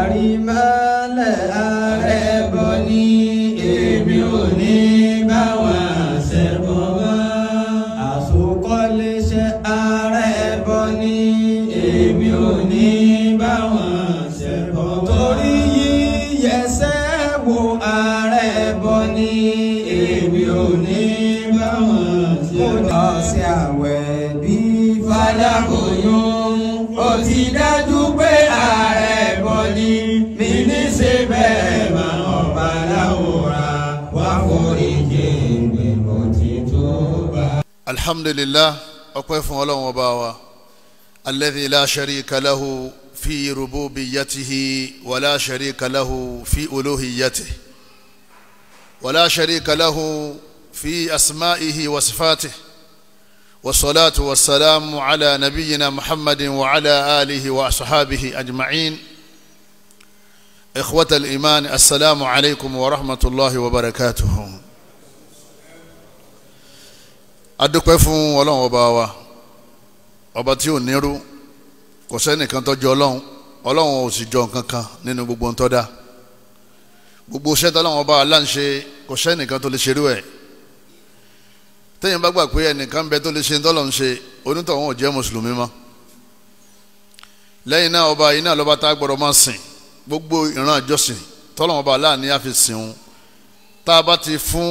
àrímálẹ̀ ààrẹ. الحمد لله اوقف ولهم وباوا الذي لا شريك له في ربوبيته ولا شريك له في الوهيته ولا شريك له في اسمائه وصفاته والصلاه والسلام على نبينا محمد وعلى اله واصحابه اجمعين اخوه الايمان السلام عليكم ورحمه الله وبركاته adúpẹ́ fún ọlọ́run ọba wa ọba tí ò nírú kò sẹ́nìkan tó jọ ọlọ́run ọlọ́run ò sì jọ nǹkan kan nínú gbogbo ń tó dá gbogbo iṣẹ́ tọ́lọ́run ọba aláǹṣe kò sẹ́nìkan tó lè ṣerú ẹ̀ tẹ́yìn bá gbà pé ẹnìkan bẹ tó lè ṣe tọ́lọ́run ṣe onítọ̀hún ò jẹ́ mùsùlùmí mọ́ lẹ́yìn náà ọba iná lọ́ba tá a gbọ́dọ̀ máa sìn gbogbo ìran àjọsìn tọ́lọ́run ọba aláàní àfi sìn òun tá a bá ti fún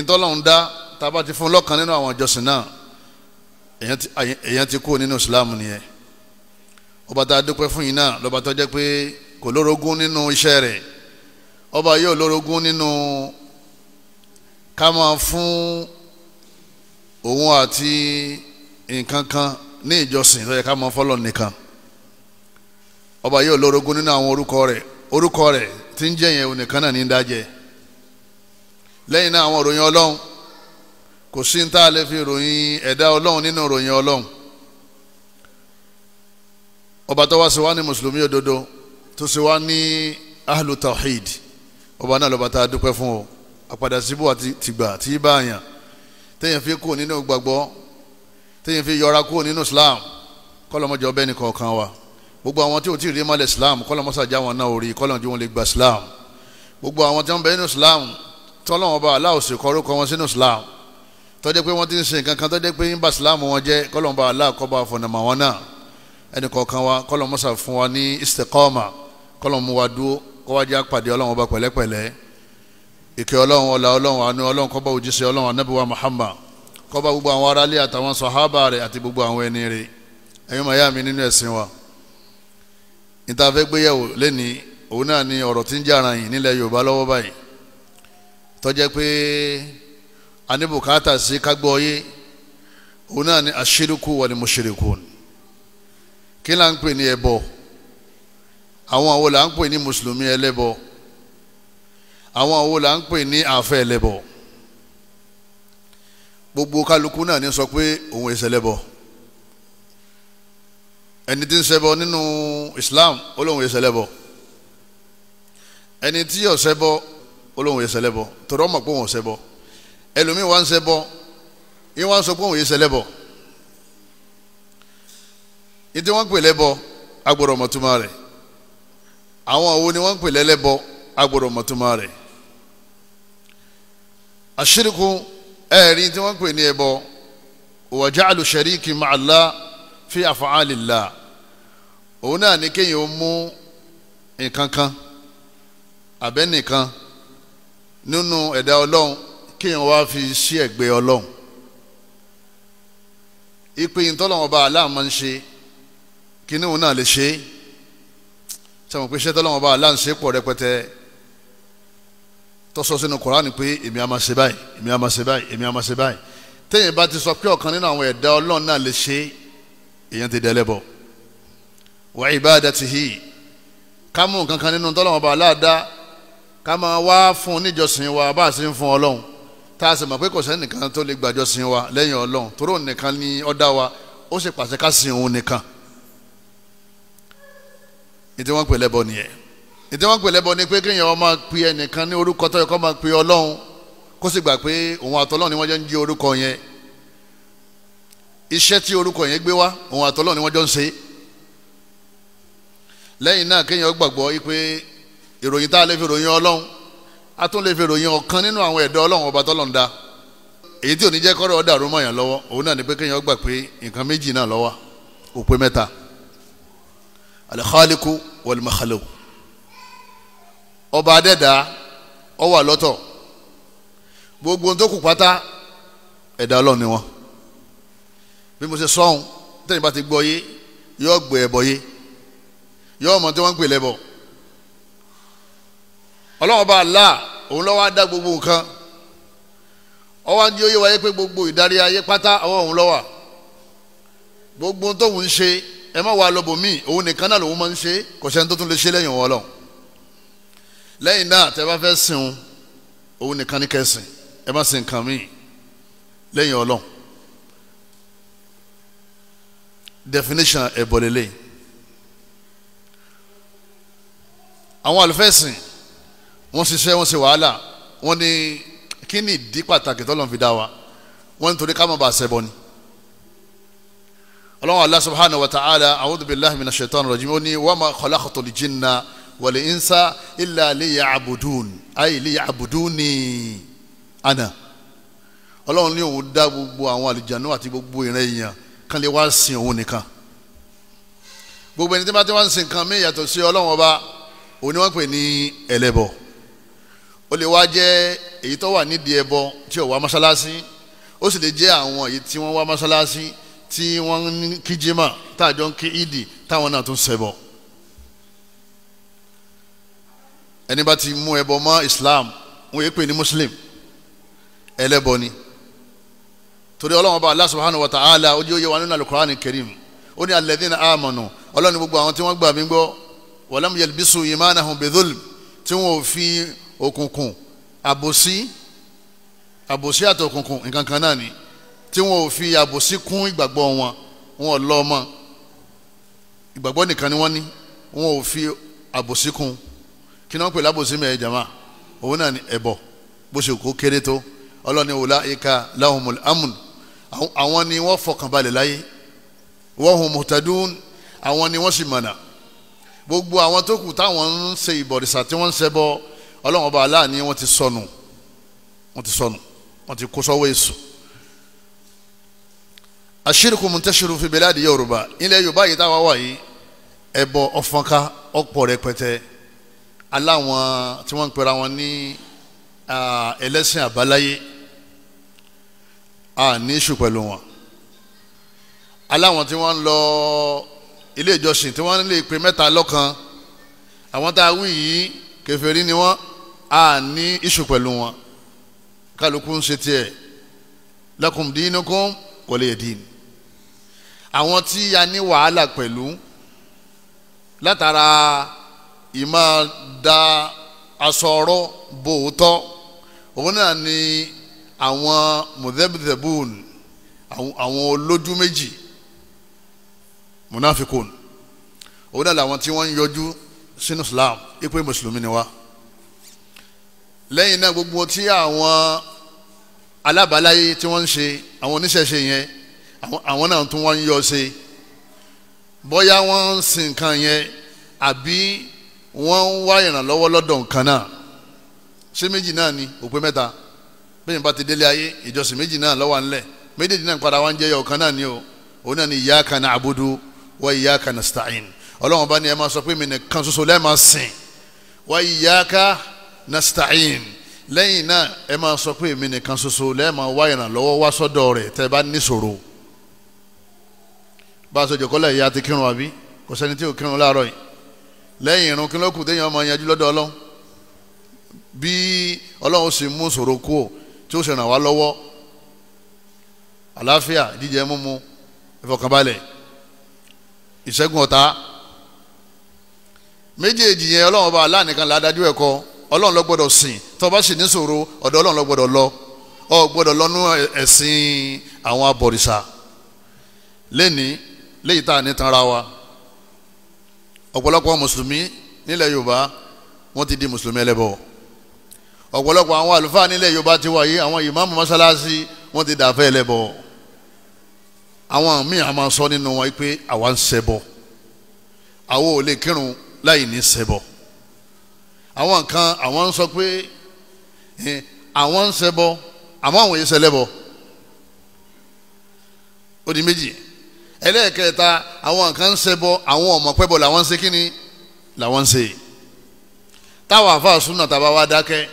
ìtọ́lọ́run dá taba a bá ti fún lọ́kàn nínú àwọn ìjọsìn náà èèyàn ti kú nínú Islam nìyẹn ọba tá a dúpẹ́ fún yìí náà lọ́ba tó jẹ́ pé kò lórogún nínú iṣẹ́ rẹ̀ ọba yóò lórogún nínú ká máa fún òun àti nǹkan kan ní ìjọsìn tó yẹ ká máa fọlọ́ nìkan ọba yóò lórogún nínú àwọn orúkọ rẹ̀ orúkọ rẹ̀ ti ń jẹ́ òun nìkan náà ní í dájẹ́ lẹ́yìn náà àwọn òròyìn ọlọ́run kò sí ní tá a lè fi ròyìn ẹ̀dá ọlọ́run nínú ròyìn ọlọ́run ọba tó wá sí wa ní mùsùlùmí òdodo tó sì wá ní ahlu tawhid ọba náà lọ́ba tá a dúpẹ́ fún o àpàdà síbò àti tìgbà tí ì bá àyàn téèyàn fi kú nínú gbàgbọ́ téèyàn fi yọra kú nínú islam kọ́lọ́mọjọ bẹ́ẹ̀ ni kọ̀ọ̀kan wa gbogbo àwọn tí ò tí rí mọ́lẹ̀ islam kọ́lọ́mọsàjà wọn náà ò rí kọ́lọ́mọjọ wọn lè gba islam gbogbo àwọn tí wọ́n bẹ nínú islam tọ́lọ́wọ́n bá aláwòsè kọ́rọ́ kọ́ wọn sínú islam tó jẹ́ pé wọ́n ti ń sin nǹkan kan tó jẹ́ pé ń ba ìsìláàmù wọn jẹ́ kọ́lọ́mù bá aláà kọ́ bá fọ̀nàmà wọn náà ẹnì kọ̀ọ̀kan wa kọ́lọ́mù mọ́sà fún wa ní istiqama kọ́lọ́mù wa dúró kọ́ wá jẹ́ àpàdé ọlọ́run bá pẹ̀lẹ́pẹ̀lẹ́ ìkẹ́ ọlọ́run ọ̀la ọlọ́run àánú ọlọ́run kọ́ òjíṣẹ́ ọlọ́run anábìwá Muhammad kọ́ gbogbo àwọn aráalé àtàwọn sàhábà rẹ̀ àti gbogbo àwọn ẹni rẹ̀ ẹ̀yin màyá mi nínú ẹ̀sìn wa níta fẹ́ gbéyàwó lẹ́ni òun náà ni ọ̀rọ̀ tí ń jà ara yìí nílẹ̀ Yorùbá lọ́wọ́ báyìí tó pé anibukata sí kagbọ́ yé òun náà ni aṣíríkù wà ní mushrikun kí là ń pè ní ẹbọ àwọn àwọn là ń pè ní mùsùlùmí ẹlẹ́bọ àwọn àwọn là ń pè ní àfẹ́ ẹlẹ́bọ gbogbo kálukú náà ní sọ pé òun ìṣẹlẹ́bọ ẹni tí ń ṣẹbọ Islam olóhùn ìṣẹlẹ́bọ ẹni tí yóò ṣẹbọ olóhùn ìṣẹlẹ́bọ tọrọ mọ̀ pé òun ṣẹbọ. elumi wa ń ṣe bọ yín wá ń sọ pé òun yìí ṣe lẹ́bọ yìí tí pè àwọn òwò ni wọ́n pè tí pè ní ẹbọ shariki fi af'alillah òun náà ní kéèyàn ó mú nǹkan kan àbẹ́nìkan nínú ẹ̀dá ọlọ́run kéèyàn wá fi sí ẹ̀gbẹ́ ọlọ́run ìpè ìtọ́lọ́wọ́n bá aláà máa ń ṣe kíní òun náà lè ṣe é sẹ́wọ̀n pé iṣẹ́ tọ́lọ́wọ́n bá aláà ń ṣe pọ̀ rẹpẹtẹ tọ́sọ sínú Kùránì pé èmi á máa ṣe báyìí èmi á máa ṣe báyìí èmi á máa ṣe báyìí téèyàn bá ti sọ pé ọ̀kan nínú àwọn ẹ̀dá ọlọ́run náà lè ṣe èèyàn ti dẹ́lẹ́bọ̀ wa ibadatihi ká mú nǹkan kan nínú tọ́lọ́wọ́n bá aláà dá ká máa wá fún níjọsìn wa bá a ṣe ń fún ọlọ́run tá a sì mọ̀ pé kò sẹ́ni nìkan tó lè gbàjọ sìn wa lẹ́yìn ọlọ́run tóró nìkan ni ó dá wa ó sì pàṣẹ ká sìn òun nìkan ètò wọn pè lẹ́bọ nìyẹn ètò wọn pè lẹ́bọ ni pé kéèyàn ó máa pe ẹnìkan ní orúkọ tó yẹ kó máa pe ọlọ́run kó sì gbà pé òun àtọ́lọ́run ni wọ́n jọ ń jí orúkọ yẹn iṣẹ́ tí orúkọ yẹn gbé wá òun àtọ́lọ́run ni wọ́n jọ ń ṣe lẹ́yìn náà kéèyàn gbàgbọ́ pé ìròyìn tá a lè fi ròyìn ọlọ́run a tún lè fi ròyìn ọ̀kan nínú àwọn ẹ̀dọ́ ọlọ́run ọba tọ́lọ́run dá èyí tí ò ní jẹ́ kọ́rọ̀ ọ̀dà àrùn mọ̀yàn lọ́wọ́ òun náà ni pé kéèyàn gbà pé nǹkan méjì náà lọ́wọ́ ó pé mẹ́ta alikhaliku walimakhalo ọba adẹ́dá ó wà lọ́tọ̀ gbogbo tó kù pátá ẹ̀dá ọlọ́run ni wọn bí mo ṣe sọ́hun tẹ́yìn bá ti gbọ́ yé yóò gbé ẹbọ yé yóò mọ tí wọ́n ń lẹ́bọ̀ọ́ ọlọ́run bá là òun lọ́wọ́ á dá gbogbo nǹkan ọwọ́ ní oyé wáyé pé gbogbo ìdarí ayé pátá ọwọ́ òun lọ́wọ́ gbogbo tóun ń ṣe ẹ má wàá lọ́bọ̀ míì òun nìkan náà lòun máa ń ṣe kò sẹ́ni tó tún lè ṣe lẹ́yìn òun ọlọ́run lẹ́yìn náà tẹ́ bá fẹ́ sìn òun nìkan ní kẹsìn ẹ má sìn nǹkan míì lẹ́yìn ọlọ́run definition ẹ̀bọ̀lélẹ́yìn àwọn àlùfẹ́sìn. E wọ́n ṣiṣẹ́ wọ́n ṣe wàhálà wọ́n ní kí ni ìdí pàtàkì tọ́lọ́n fi dá wa wọ́n ní torí ká má bàa ṣẹbọ ni. ọlọ́run Allah subhanahu wa ta'ala a'udhu billahi minash shaitani rajim ó ní wa ma khalaqtul jinna wal insa illa liya'budun ay liya'buduni ana. ọlọ́run ní òun dá gbogbo àwọn àlìjánu àti gbogbo ìran èèyàn kan lè wá sin òun nìkan. gbogbo ẹni tí wọ́n ti wá sin kan mí yàtọ̀ sí ọlọ́run ọba òun ni wọ́n pè ní ẹlẹ́bọ̀ọ́ ó lè wá jẹ́ èyí tó wà nídìí ẹbọ tí ò wá mọ́ṣáláṣí ó sì lè jẹ́ àwọn èyí tí wọ́n wá mọ́ṣáláṣí tí wọ́n ń kí jimá táàjọ ń kí ìdì táwọn náà tún ṣẹbọ ẹni bá ti mú ẹbọ mọ́ Islam wọ́n yẹ pé ní Muslim ẹlẹ́bọ ni torí Ọlọ́run bá Allah subhanahu wa ta'ala ó jẹ́ òye wa nínú Al-Qur'anil Karim ó ní alladhina amanu Ọlọ́run gbogbo àwọn tí wọ́n gbà mí gbọ́ walam yalbisu imanahum bidhulm tí wọ́n ò fi òkùnkùn àbòsí àbòsí àtòkùnkùn nǹkan kan náà ni tí wọn ò fi àbòsí kún ìgbàgbọ́ wọn wọn ò lọ ọmọ ìgbàgbọ́ nìkan ni wọ́n ní wọn ò fi àbòsí kún kí náà pè lábòsí mẹ́ẹ̀ẹ́ jama òun náà ni ẹbọ bó ṣe kó kéré tó ọlọ́ni wòlá ika lahumul amun àwọn ni wọ́n fọkànbalẹ̀ láyé wọ́n hùn muhtadun àwọn ni wọ́n sì mọ̀nà gbogbo àwọn tó kù táwọn ń ṣe ìbọ̀rìṣà tí wọ́n ń ṣẹbọ ọlọ́run ọba aláàní wọ́n ti sọnù wọ́n ti sọnù wọ́n ti kó sọ́wọ́ èso àṣírìkù mùtẹ́sírù fi bẹ́lá di yorùbá ilẹ̀ yorùbá yìí táwa wà yìí ẹ̀bọ ọ̀fọ̀nká ọ̀pọ̀ rẹpẹtẹ aláwọn tí wọ́n ń pera wọn ní ẹlẹ́sìn àbáláyé a ní ìṣù pẹ̀lú wọn aláwọn tí wọ́n ń lọ ilé ìjọsìn tí wọ́n lè pe mẹ́ta lọ́kan àwọn tá a wí yìí kèfèrí ni wọ́n a ní iṣu pẹ̀lú wọn kálukú ń ṣe tiẹ̀ lakum dinukum waliya din àwọn tí a ní wàhálà pẹ̀lú látara ìmọ̀ da asọ̀rọ̀ bòótọ́ òun náà ni àwọn mudhebdhebun àwọn olójú méjì munafikun òun náà làwọn tí wọ́n ń yọjú sínú Islam ipe mùsùlùmí ni wa lẹ́yìn náà gbogbo tí àwọn alábàáláyé tí wọ́n ń ṣe àwọn oníṣẹ̀ṣe yẹn àwọn náà tún wọ́n ń yọ ṣe bóyá wọ́n ń sin nǹkan yẹn àbí wọ́n ń wá ìrànlọ́wọ́ lọ́dọ̀ nǹkan náà ṣé méjì náà ni òpè mẹ́ta bẹ́ẹ̀ bá ti délé ayé ìjọsìn méjì náà ló wà ńlẹ̀ méjèèjì náà padà wá ń jẹyọ ọ̀kan náà ni o òun náà ni iyyaka na'budu wa iyyaka nasta'in ọlọ́run bá ní ẹ máa sọ pé mi nìkan ṣoṣo lẹ́ẹ̀ máa sìn wa iyyaka nasta'in lẹ́yìn náà ẹ máa sọ pé èmi nìkan ṣoṣo lẹ́ẹ̀ máa wá ìrànlọ́wọ́ wá sọ́dọ̀ rẹ̀ tẹ́ bá níṣòro bá a sọ jòkólẹ̀ ìyá ti kírun àbí kò sẹ́ni tí ò kírun láàárọ̀ yìí lẹ́yìn irun kí ló kù téèyàn máa yanjú lọ́dọ̀ ọlọ́run bí ọlọ́run sì mú ṣòro kú ò tí ó sì ràn wá lọ́wọ́ àlàáfíà jíjẹ mímu ìfọkànbalẹ̀ ìṣẹ́gun ọ̀tá méjèèjì yẹn ọlọ́run ọba aláàánìkan làá dájú ẹ̀kọ́ ọlọ́run ló gbọ́dọ̀ sìn tó bá sì níṣòro ọ̀dọ̀ ọlọ́run ló gbọ́dọ̀ lọ ọ gbọ́dọ̀ lọ́nú ẹ̀sìn àwọn abọ̀rìṣà lẹ́ni léyìí tá a ní tanra wa ọ̀pọ̀lọpọ̀ mùsùlùmí nílẹ̀ yorùbá wọ́n ti di mùsùlùmí ẹlẹ́bọ ọ̀pọ̀lọpọ̀ àwọn àlùfáà nílẹ̀ yorùbá ti wáyé àwọn ìmáàmù mọ́sálásí wọ́n ti dàfẹ́ ẹlẹ́bọ àwọn míì a máa sọ nínú wọn pé àwa ń ṣẹbọ àwa ò lè kírun láì ní ṣẹbọ àwọn kan àwọn ń sọ pé àwọn ń ṣẹbọ àmọ́ àwọn yìí ṣẹlẹ́bọ ó di méjì ẹlẹ́ẹ̀kẹta àwọn kan ń ṣẹbọ àwọn ọmọ pẹ́bọ làwọn ń ṣe kí ni làwọn ń ṣe táwọn àfáà súnà tàbá wa dákẹ́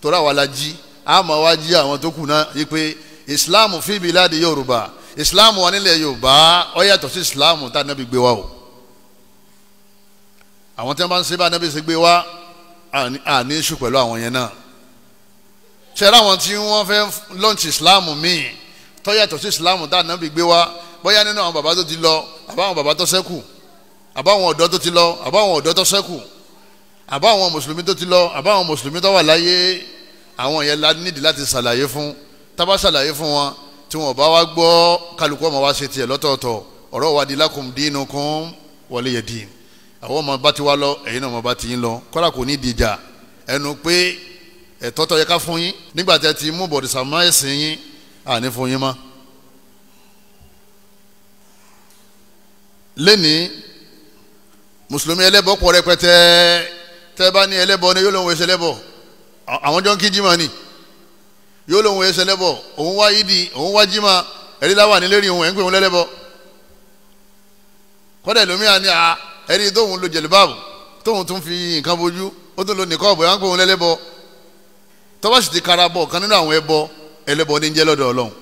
torí àwa la jí àmọ́ wa jí àwọn tó kù náà yí ìsìláàmù fíbi láti yorùbá ìsìláàmù wa nílẹ̀ yorùbá ó sí ìsìláàmù tá a nábì gbé wa o àwọn tí wọ́n bá ń ṣe bá a nábì ṣe gbé wa àní iṣu pẹ̀lú àwọn yẹn náà ṣẹlẹ àwọn tí wọ́n fẹ́ launch islam míì tó yàtọ̀ sí islam tá ànábì gbé wá bóyá nínú àwọn bàbá tó ti lọ àbáwọn bàbá tó ṣẹ́kù àbáwọn ọ̀dọ́ tó ti lọ àbáwọn ọ̀dọ́ tó ṣẹ́kù àbáwọn mùsùlùmí tó ti lọ àbáwọn mùsùlùmí tó wà láyé àwọn yẹn la nídìí láti ṣàlàyé fún tá bá ṣàlàyé fún wọn tí wọn bá wá gbọ́ kálukú ọmọ wa ṣe tiẹ̀ lọ́tọ̀ọ̀tọ̀ ọ̀rọ̀ wa di lakum dinukum waliya din àwọn ọmọ bá ti wá lọ ẹ̀yin náà ọmọ bá ti yín lọ kọ́lá kò ní dìjà ẹnu pé ẹ̀tọ́ tó yẹ ká fún yín nígbà tí ẹ ti mú bọ̀dìsà má ẹ̀sìn yín àní fún yín mọ́. lẹ́nìí mùsùlùmí ẹlẹ́bọ pọ̀ rẹpẹtẹ tẹ́ bá ní ẹlẹ́bọ ni yóò lóun ẹsẹ̀ lẹ́bọ̀ àwọn jọ ń kí jimá ni yóò lóun ẹsẹ̀ lẹ́bọ̀ òun wá yídi òun wá jimá ẹ̀rí láwà nílẹ́rìí òun ẹ̀ ń pè òun lẹ́lẹ́bọ kọ́dà ìlòmíà ni àá ẹ̀rí tóun lo jẹ̀lúbáàbù tóun tún fi nǹkan bojú ó tún lo nìkọ́ọ̀bù ẹ̀ wọ́n ń pè òun lẹ́lẹ́bọ tọ́ba sì ti kara bọ̀ kan nínú àwọn ẹbọ ẹlẹ́bọ ní jẹ́ lọ́dọ̀ ọlọ́run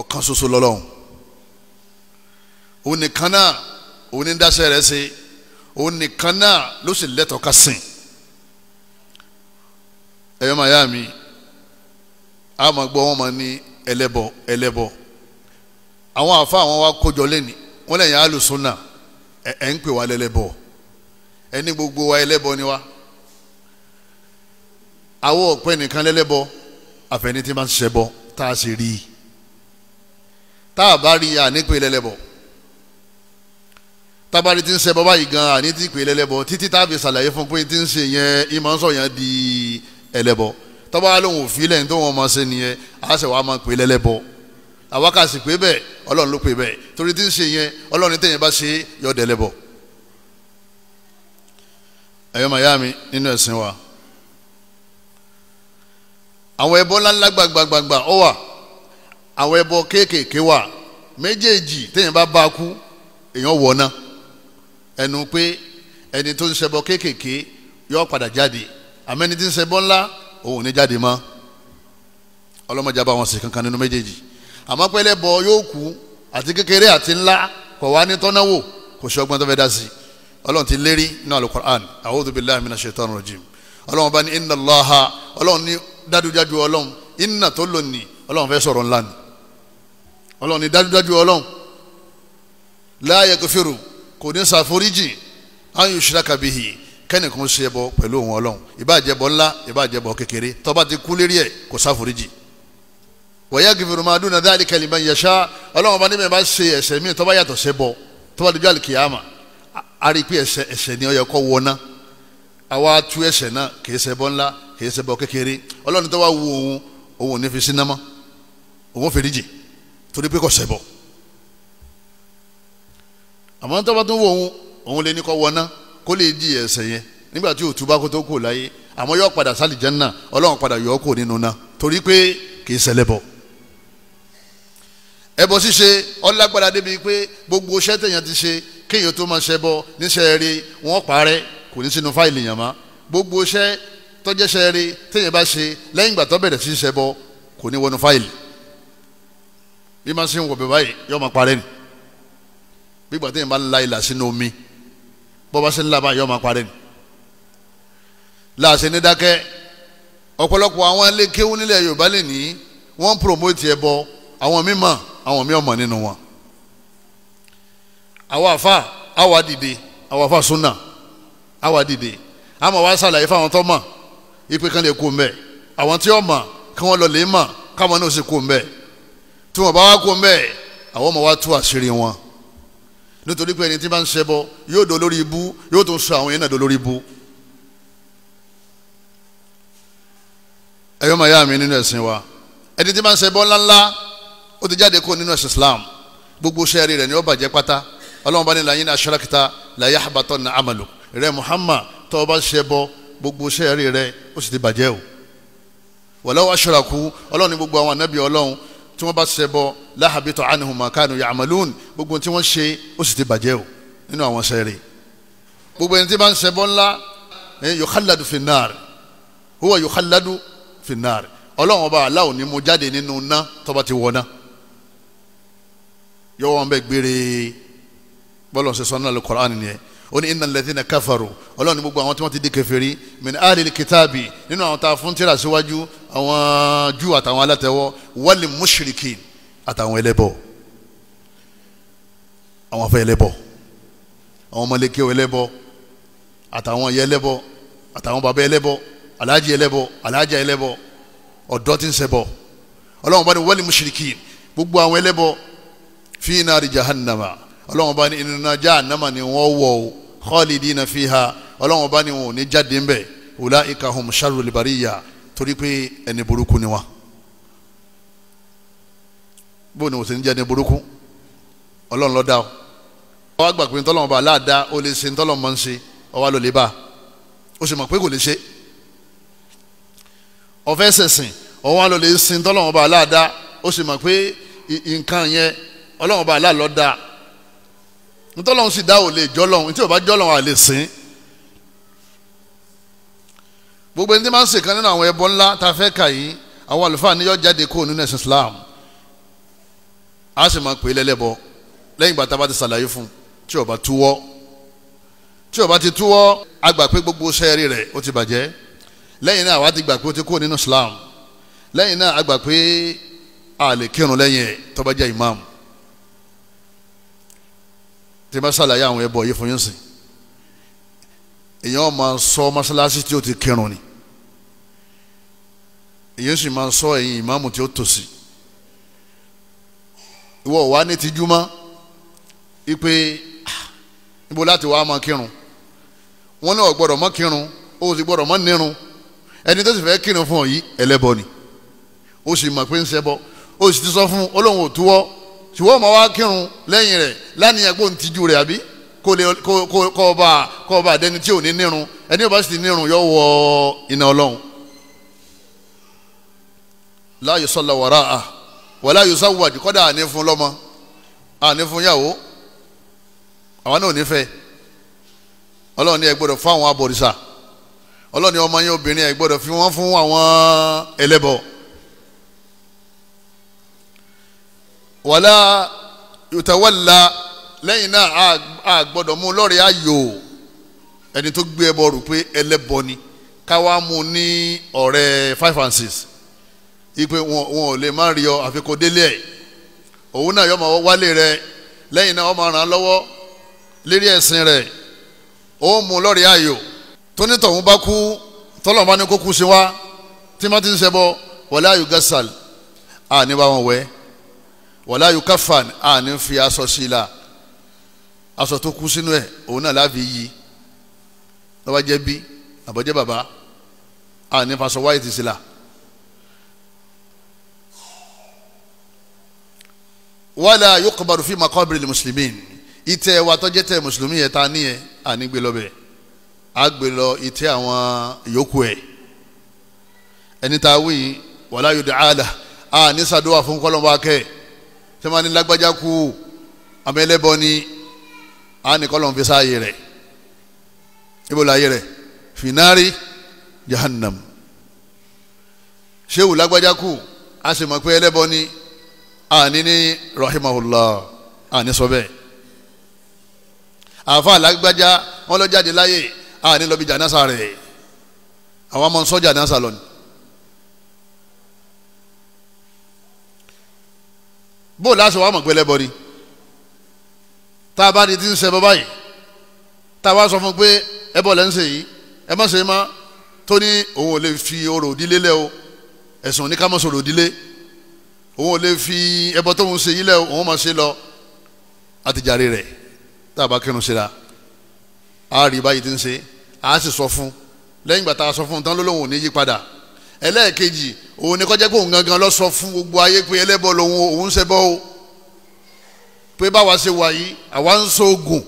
ọ̀kan ṣoṣo lọ́lọ́run òun nìkan náà òun ní dáṣẹ́ rẹ̀ ṣe òun nìkan náà ló sì lẹ́tọ̀ọ́ ká sìn ẹ̀yọ́ màá yá mi a máa gbọ́ wọn máa ní ẹlẹ́bọ ẹlẹ́bọ àwọn àfa àwọn wa kójọ lẹ́nìí wọ́n lẹ́yìn alùsùnà ẹ̀ ń pè wá lẹ́lẹ́bọ̀ ẹni gbogbo wa ẹlẹ́bọ ni wa àwọn ọ̀pẹ nìkan lẹ́lẹ́bọ àfẹ́ni tí máa ń ṣẹbọ tá a sì rí i tá a bá rí i ànípè lẹ́lẹ́bọ tábàrí ti ń ṣẹbọ báyìí gan àní ti pè lẹ́lẹ́bọ títí tá ṣàlàyé fún pé ti ń ṣe yẹn ìmọ̀ yẹn di ẹlẹ́bọ tọ́ba lóhùn òfin lẹ́yìn tó wọ́n máa ṣe nìyẹn àṣẹ wàá máa pè lẹ́lẹ́bọ àwákàsí pé bẹ́ẹ̀ ọlọ́run ló pè bẹ́ẹ̀ torí tí ń ṣe yẹn ọlọ́run tẹ̀yìn bá ṣe yọ dẹ̀ lẹ́bọ̀. ẹ̀yọ́ màyá mi nínú ẹ̀sìn wa àwọn ẹbọ ńláńlá gbàgbàgbàgbà ó wà àwọn ẹbọ kéékèèké wà méjèèjì tẹ̀yìn bá bá a kú èèyàn wọ̀ ná ẹnu pé ẹni tó ń ṣẹbọ kéékèèké yọ padà jáde àmẹ́ni tí ń ṣẹbọ ńlá òun ò ní jáde mọ́ ọlọ́mọdé abáwọn sì kankan nínú méjèèjì àmọ́ pẹ́lẹ́ bọ yóò kú àti kékeré àti ńlá kò wá ní tọ́náwó kò sí ọgbọ́n tó fẹ́ dá sí ọlọ́run ti lérí ní alukur'an a'udhu billahi minash shaitanir rajim ọlọ́run bá ní inna Allaha ọlọ́run ní dájúdájú ọlọ́run inna tó lò ní ọlọ́run fẹ́ sọ̀rọ̀ ńlá ni ọlọ́run ní dájúdájú ọlọ́run la yaghfiru kò ní ṣàforíjì an yushraka bihi kẹ́nìkan ṣe bọ pẹ̀lú òun ọlọ́run ìbá jẹ́ ńlá ìbá jẹ́ kékeré tó ti kú lérí ẹ̀ kò ṣàforíjì wọ́yá gífìrì máa dúnà dáàdì kẹlìmọ̀ yẹ̀ṣá ọlọ́run bá níbẹ̀ bá ṣe ẹ̀ṣẹ̀ míì tó bá yàtọ̀ ṣe bọ̀ tó bá dojú àlìkìyàmà a rí i pé ẹ̀ṣẹ̀ ẹ̀ṣẹ̀ ni ó yẹ kó wọná àwa tú ẹ̀ṣẹ̀ náà kì ṣe bọ́ ńlá kì ṣe bọ́ kékeré ọlọ́run tó wu òun òun ò ní fi sínámọ́ òun ò fèrè jì torí pé kò ṣe bọ̀ àmọ́ tó bá tún wo tó kò láyé ẹbọ ṣíṣe ọlágbára débi pé gbogbo iṣẹ́ tẹ̀yàn ti ṣe kéèyàn tó máa ṣẹbọ níṣẹ́ rí wọ́n parẹ́ kò ní sínú fáìlì yàn mọ́ gbogbo iṣẹ́ tọ́jẹ́ṣẹ́ rí tẹ̀yàn bá ṣe lẹ́yìn ìgbà tó bẹ̀rẹ̀ sí ṣẹbọ kò ní wọnú fáìlì bí máa ṣe ń wọ̀ bẹ̀ báyìí yọ máa parẹ́ ni bí ìgbà tẹ̀yàn bá ń la ìlà sínú omi bọ́ bá ṣe ń la báyìí yọ máa parẹ́ ni láàṣẹ ní dákẹ́ ọ̀pọ̀lọpọ̀ àwọn ilé kéwú nílẹ̀ Yorùbá lè ní wọ́n promote ẹbọ àwọn mímọ́ àwọn mi ọmọ nínú wọn àwọn àfa àwa dìde àwọn àfa súnà àwa dìde àmọ́ wa ṣàlàyé fáwọn tó mọ̀ ipe kan lè kú mbẹ àwọn tí ó mọ̀ kí wọ́n lọ lè mọ̀ káwọn náà sì kú mbẹ tí wọ́n bá wá kú mbẹ àwọn ọmọ wa tú àṣírí wọn nítorí pé ẹni tí bá ń ṣẹbọ yóò dó lórí ibú yóò tún sọ àwọn yẹn náà dó lórí ibú. ẹ̀yọ́ màá yá mi nínú ẹ̀sìn wa ẹni tí bá ń ṣẹbọ ńláńlá ó ti jáde kó nínú ẹ̀sìn Islam gbogbo sẹ́ẹ̀rì rẹ̀ ni ó bàjẹ́ pátá ọlọ́run bá ní la yín aṣọ́rakita la yá àbátọ́ na amalu rẹ Muhammad tó o bá ṣe bọ gbogbo sẹ́ẹ̀rì rẹ̀ ó sì ti bàjẹ́ o wàlọ́wọ́ aṣọ́rakú ọlọ́run ní gbogbo àwọn anábì ọlọ́run tí wọ́n bá ṣe bọ láhàbítọ̀ ánìhùn màkánu yà àmàlùn gbogbo tí wọ́n ṣe ó sì ti bàjẹ́ o nínú àwọn sẹ́ẹ̀rì gbogbo ẹni tí bá ń ṣe bọ ńlá yòókàládù fìnnáàrì huwa yòókàládù fìnnáàrì ọlọ́run ọba aláwo ni mo jáde nínú ná tó ti wọ̀ náà yóò wọn bẹ gbére bọ́lọ̀ ṣe sọ́nà lè Kùránì nìyẹn ó ní innal ladhina kafaru ọlọ́run ní gbogbo àwọn tí wọ́n ti di kèfèrí min alil kitabi nínú àwọn tá a fún tíra síwájú àwọn jù àtàwọn alátẹ̀wọ́ wal mushrikin àtàwọn ẹlẹ́bọ àwọn afẹ́ ẹlẹ́bọ àwọn ọmọlẹ́kẹ́ ẹlẹ́bọ àtàwọn ẹyẹ ẹlẹ́bọ àtàwọn bàbá ẹlẹ́bọ aláàjì ẹlẹ́bọ aláàjà ẹlẹ́bọ ọ̀dọ́ tí ń ṣẹbọ ọlọ́run bá ní wal mushrikin gbogbo àwọn ẹlẹ́bọ fi nari jahannama ọlọ́run bá ní iná jahannama ni wọ́n wọ̀ o khalidina fiha ọlọ́run bá ní wọn ò ní jáde ń bẹ̀ ulaika hum sharrul bariyya torí pé ẹni burúkú ni wọ́n bó ni wọ́n sì ń jẹ́ ẹni burúkú ọlọ́run ló dá o ọwọ́ àgbà pé ntọ́lọ́mọba aláàdá ó lè ṣe ntọ́lọ́mọ ń ṣe ọwọ́ àlọ́ lè bá ó sì mọ̀ pé kò lè ṣe ọ̀fẹ́ sẹ̀sìn ọwọ́ àlọ́ lè ṣe ntọ́lọ́mọba aláàdá ó sì mọ̀ pé nǹkan yẹn ọlọ́run ọba aláàlọ́ dá ntọ́lọ́run sì dá ò lè jọ́lọ́run tí ò bá jọ́lọ́run à lè sìn gbogbo ẹni tí máa ń sèkan nínú àwọn ẹbọ ńlá tá a fẹ́ kà yìí àwọn àlùfáà níyọ jáde kó nínú ẹ̀sìn Islam a sì máa pè é lẹ́lẹ́bọ lẹ́yìn ìgbà tá a bá ti ṣàlàyé fún tí ò túwọ́ tí ò ti túwọ́ a gbà pé gbogbo sẹ́ẹ̀rì rẹ̀ ó ti bàjẹ́ lẹ́yìn náà àwa ti gbà pé ó ti kó nínú Islam lẹ́yìn náà a gbà pé a lè kírun lẹ́yìn ẹ̀ tó bá tí bá ṣàlàyé àwọn ẹbọ yìí fún yín sìn èèyàn máa sọ mọ́ṣáláṣí tí ó ti kírun ni èèyàn sì máa sọ ẹ̀yìn ìmáàmù tí ó tòsí ìwọ wà ní tijú mọ́ ipe ah, níbo láti wàá máa kírun wọn náà gbọ́dọ̀ máa kírun ó sì gbọ́dọ̀ máa nírun ẹni tó sì fẹ́ kírun fún ọ yìí ẹlẹ́bọ ni ó sì mọ̀ pé ń ṣẹbọ ó sì ti sọ fún olóhùn òtúwọ́ ṣùgbọ́n ọmọ wa kírun lẹ́yìn rẹ̀ lánìyàn kó ń tijú rẹ̀ àbí kó lè kó ọba kó ọba àdẹni tí ò ní nírun ẹni ọba sì ti nírun yọ wọ iná ọlọ́run láàyè sọlá wàrà à wà láàyè sáwùwàjì kọ́dà àní fún lọ́mọ àní fún yàwó àwa náà ò ní fẹ́ ọlọ́run ní ẹ gbọ́dọ̀ fún àwọn abọ̀rìṣà ọlọ́run ní ọmọ yẹn obìnrin ẹ gbọ́dọ̀ fi wọ́n fún àwọn ẹlẹ́bọ̀ọ́ wàlá yòtàwálà lẹ́yìn náà a gbọ́dọ̀ mú lọ́rẹ̀ ayò ẹni tó gbé ẹbọ rò pé ẹlẹ́bọ ni káwá mú ní ọ̀rẹ́ five and six ipe wọn ò lè má rí ọ àfi kó délé ẹ̀ òun náà yọ máa wálé rẹ lẹ́yìn náà ó máa ràn án lọ́wọ́ lérí ẹ̀sìn rẹ̀ ó mú lọ́rẹ̀ ayò tónítọ̀hún bá kú tọ́lọ̀ bá ní kó sí wa tí wọ́n ti ń ṣẹbọ wọlé ayò gẹ́sàl à bá wọn wẹ̀ ẹ́ wàlá yóò káfàn à ní fi aṣọ sí i la aṣọ tó kú sínú ẹ̀ òun náà láfi yí lọ́wọ́ jẹ́ bí àbọ̀jẹ́ bàbá à ní faṣọ wáyé sí i la. wàlá yóò kọbàrú fi makọ́bìrì mùsùlùmí ìtẹ̀ wa tọ́jẹ́ tẹ̀ mùsùlùmí yẹn ta ní yẹn à ní gbé lọ́bẹ̀ á gbé lọ ìtẹ̀ àwọn yòókù ẹ̀ ẹni tá a wí wàlá yóò dé àlà à sàdúrà fún kọ́lọ́mù akẹ́ẹ̀ sẹ́wọ́n ní lágbájá kú amẹ́lẹ́bọ ni a ní kọ́lọ́n fi sáàyè rẹ̀ ibo la yé rẹ̀ finari jahannam sehu lágbájá kú a sì mọ̀ pé ẹlẹ́bọ ni a ní ní rahimahullah a ní sọ bẹ́ẹ̀ àfa lágbájá wọn lọ jáde láyé a ní lọ bí jànásà rẹ̀ àwọn ọmọ nsọ́ jànásà lọ́nìí. bó láṣọ wàá mọ̀ gbẹlẹ́bọ ni tá a bá ní ti ń ṣẹbọ báyìí tá a bá sọ fún pé ẹbọ lẹ́ ń ṣe yìí ẹ má ṣe má tó ní òun ò lè fi orò òdílé lẹ́ o ẹ̀sùn ní ká má sọ̀rọ̀ òdílé òun ò lè fi ẹbọ tóun ṣe yìí lẹ́ o òun má ṣe lọ àtijàre rẹ̀ tá a bá kírun síra a rí báyìí ti ń ṣe a sì sọ fún lẹ́yìn ìgbà tá a sọ fún tán lólóhùn ò ní yí padà ẹlẹ́ẹ̀kejì òun ni kọjá pé òun gangan lọ sọ fún gbogbo ayé pé ẹlẹ́bọ lòun òun ṣẹbọ o pé báwa ṣe wà yìí àwa ń so oògùn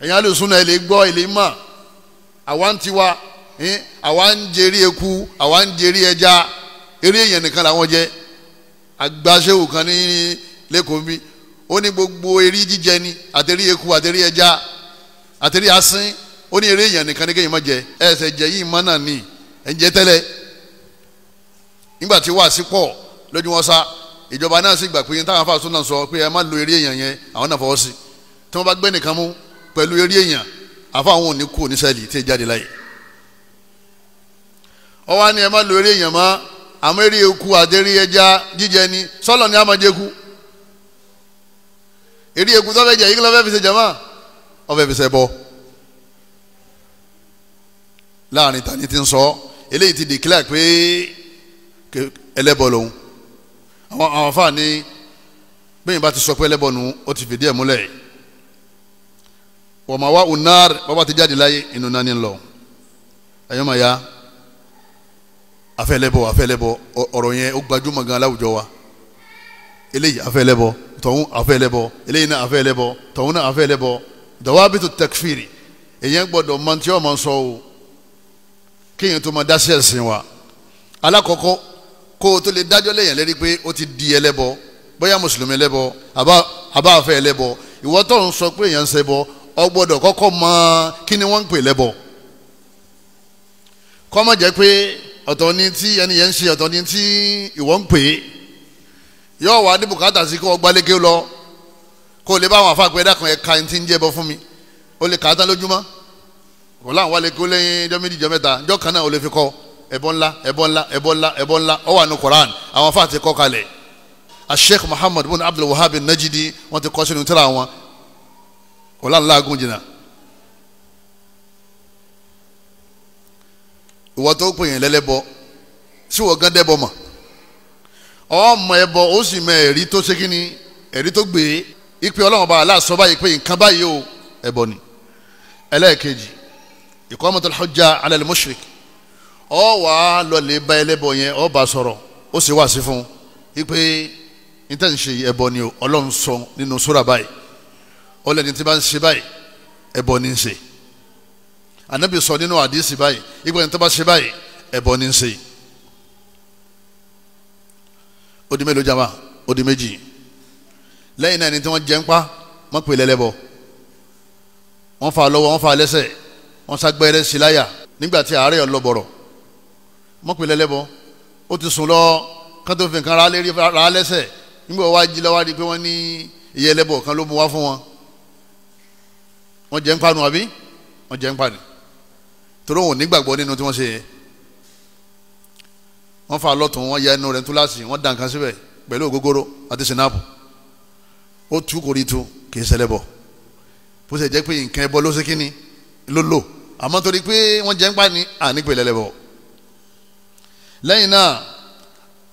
ẹ̀yin alùsùn náà lè gbọ́ èlé mà àwa ń tiwa àwa ń jerí eku àwa ń jerí ẹja eré èèyàn nìkan làwọn jẹ agbáṣẹ́wò kan ní lẹ́kọ̀ọ́ mi ó ní gbogbo eré jíjẹ ni àtẹ̀rí eku àtẹ̀rí ẹja àtẹ̀rí asín ó ní eré èèyàn nìkan ní kéèyàn má jẹ ẹ̀sẹ̀ jẹ yìí mọ́ nìyí ẹ̀ ń jẹ tẹ́lẹ̀ nígbà tí wàásì pọ̀ lójú wọn sá ìjọba náà sì gbà pé yín táwọn afáàsó náà sọ pé ẹ má lo eré èèyàn yẹn àwọn náà fọwọ́ sí tí wọ́n bá gbé nìkan mú pẹ̀lú eré èèyàn àfa àwọn òní kú oníṣẹ́lì tí ì jáde láyé ọwọ́ ni ẹ má lo eré èèyàn mọ́ àmọ́ eré eku àdérí ẹja jíjẹ ni sọ́lọ̀ ni a eré eku tó fẹ́ jẹ yìí fẹ́ fi ṣe jàmá ó fẹ́ fi ṣe bọ́ láàrin tani ti ń sọ ọ́ eléyìí ti declare pé ẹlẹ́bọ lòun àwọn àwọn afa ni bẹ́ẹ̀ bá ti sọ pé ẹlẹ́bọ nu ó ti fìdí ẹ̀ múlẹ̀ wọ́n máa wá unar bàbá ti jáde láyé inú nání lọ ẹ̀yọ́ máa ya afẹ́lẹ́bọ afẹ́lẹ́bọ ọ̀rọ̀ yẹn ó gbajúmọ̀ gan láwùjọ wa eléyìí afẹ́lẹ́bọ tọ̀hún afẹ́lẹ́bọ eléyìí náà afẹ́lẹ́bọ tọ̀hún náà afẹ́lẹ́bọ dọ̀wọ́ abitu takfiri èyàn gbọ́dọ̀ mọ̀ tí wọ́n máa sọ o kéèyàn tó máa dá sí ẹ̀sìn wa alákọ̀ọ́kọ́ kó o tó lè dájọ́ lẹ́yìn lẹ́rí pé ó ti di ẹlẹ́bọ bóyá mùsùlùmí ẹlẹ́bọ àbá àfẹ́ ẹlẹ́bọ ìwọ tó ń sọ pé èèyàn ń ṣẹbọ o kọ́kọ́ mọ kí ni wọ́n ń pè lẹ́bọ kó má jẹ́ pé ọ̀tọ̀ ni tí ẹni yẹn ń ṣe ọ̀tọ̀ ni tí ìwọ ń pè é yóò wá ní bùkátà sí kó o gbálékè lọ kó o lè bá àwọn àfa àpẹẹrẹ ẹ̀ka ẹni kò láwọn wálé kó lẹ́yìn jọ́ méjì jọ́ mẹ́ta jọ́ kan náà ó lè fi kọ́ ẹbọ ńlá ẹbọ ńlá ẹbọ ńlá ẹbọ ńlá ó wà ní Quran àwọn afa ti kọ́ kalẹ̀ asheikh Muhammad bin Abdul Wahhab Najidi wọ́n ti kọ́ sínú tírà wọn kò láwọn láàgùn jìnnà ìwọ tó pè yẹn lẹ́lẹ́bọ sí wọ́n gán dẹ́bọ mọ̀ ọmọ ẹbọ ó sì mọ ẹ̀rí tó ṣe kíni ẹ̀rí tó gbé ipe Ọlọ́run bá aláàsọ báyìí pé nǹkan báyìí o ẹbọ ni ẹlẹ́ẹ̀kejì iqamatul hujja ala al-mushrik ọ wà á lọlé bá ẹlẹ́bọ yẹn ọ bá sọ̀rọ̀ ó sì wá sí fún ipe intanṣe ẹbọ ni Ọlọ́run sọ nínú sura báyìí ọlẹ́ni tí bá ń ṣe báyìí ẹbọ ni ń ṣe anabi sọ nínú àdìsí báyìí ipe ní tí bá ṣe báyìí ẹbọ ni ń ṣe ó mélòó jama ó méjì lẹ́yìn náà ẹni tí wọ́n jẹ́ ń pa wọ́n wọ́n fa lọ́wọ́ wọ́n fa lẹ́sẹ̀ wọ́n ságbẹ́rẹ́ sí láyà nígbà tí àárẹ̀ ọlọ́bọ̀rọ̀ mọ́pìlẹ̀ lẹ́bọ ó ti sùn lọ kátó fi nǹkan ra lẹ́sẹ̀ nígbà wọ́n wá jí lọ́wọ́ di pé wọ́n ní ìyẹ́ ẹlẹ́bọ kan ló mú wá fún wọn wọ́n jẹ́ ń panu àbí wọ́n jẹ́ ń pani torí wọn ò nígbàgbọ́ nínú tí wọ́n ṣe yẹn fa lọ́tún wọ́n ya ẹnu rẹ̀ túláàsì wọ́n dàn kan síbẹ̀ pẹ̀lú ògógóró àti sinapu ó tú kórìí tu kì í ṣẹlẹ̀ bọ̀ bó ṣe jẹ́ pé nǹkan ẹbọ ló ṣe kíni ló lò àmọ́ torí pé wọ́n jẹ́ ń pa ni ànípele lẹ́bọ̀ lẹ́yìn náà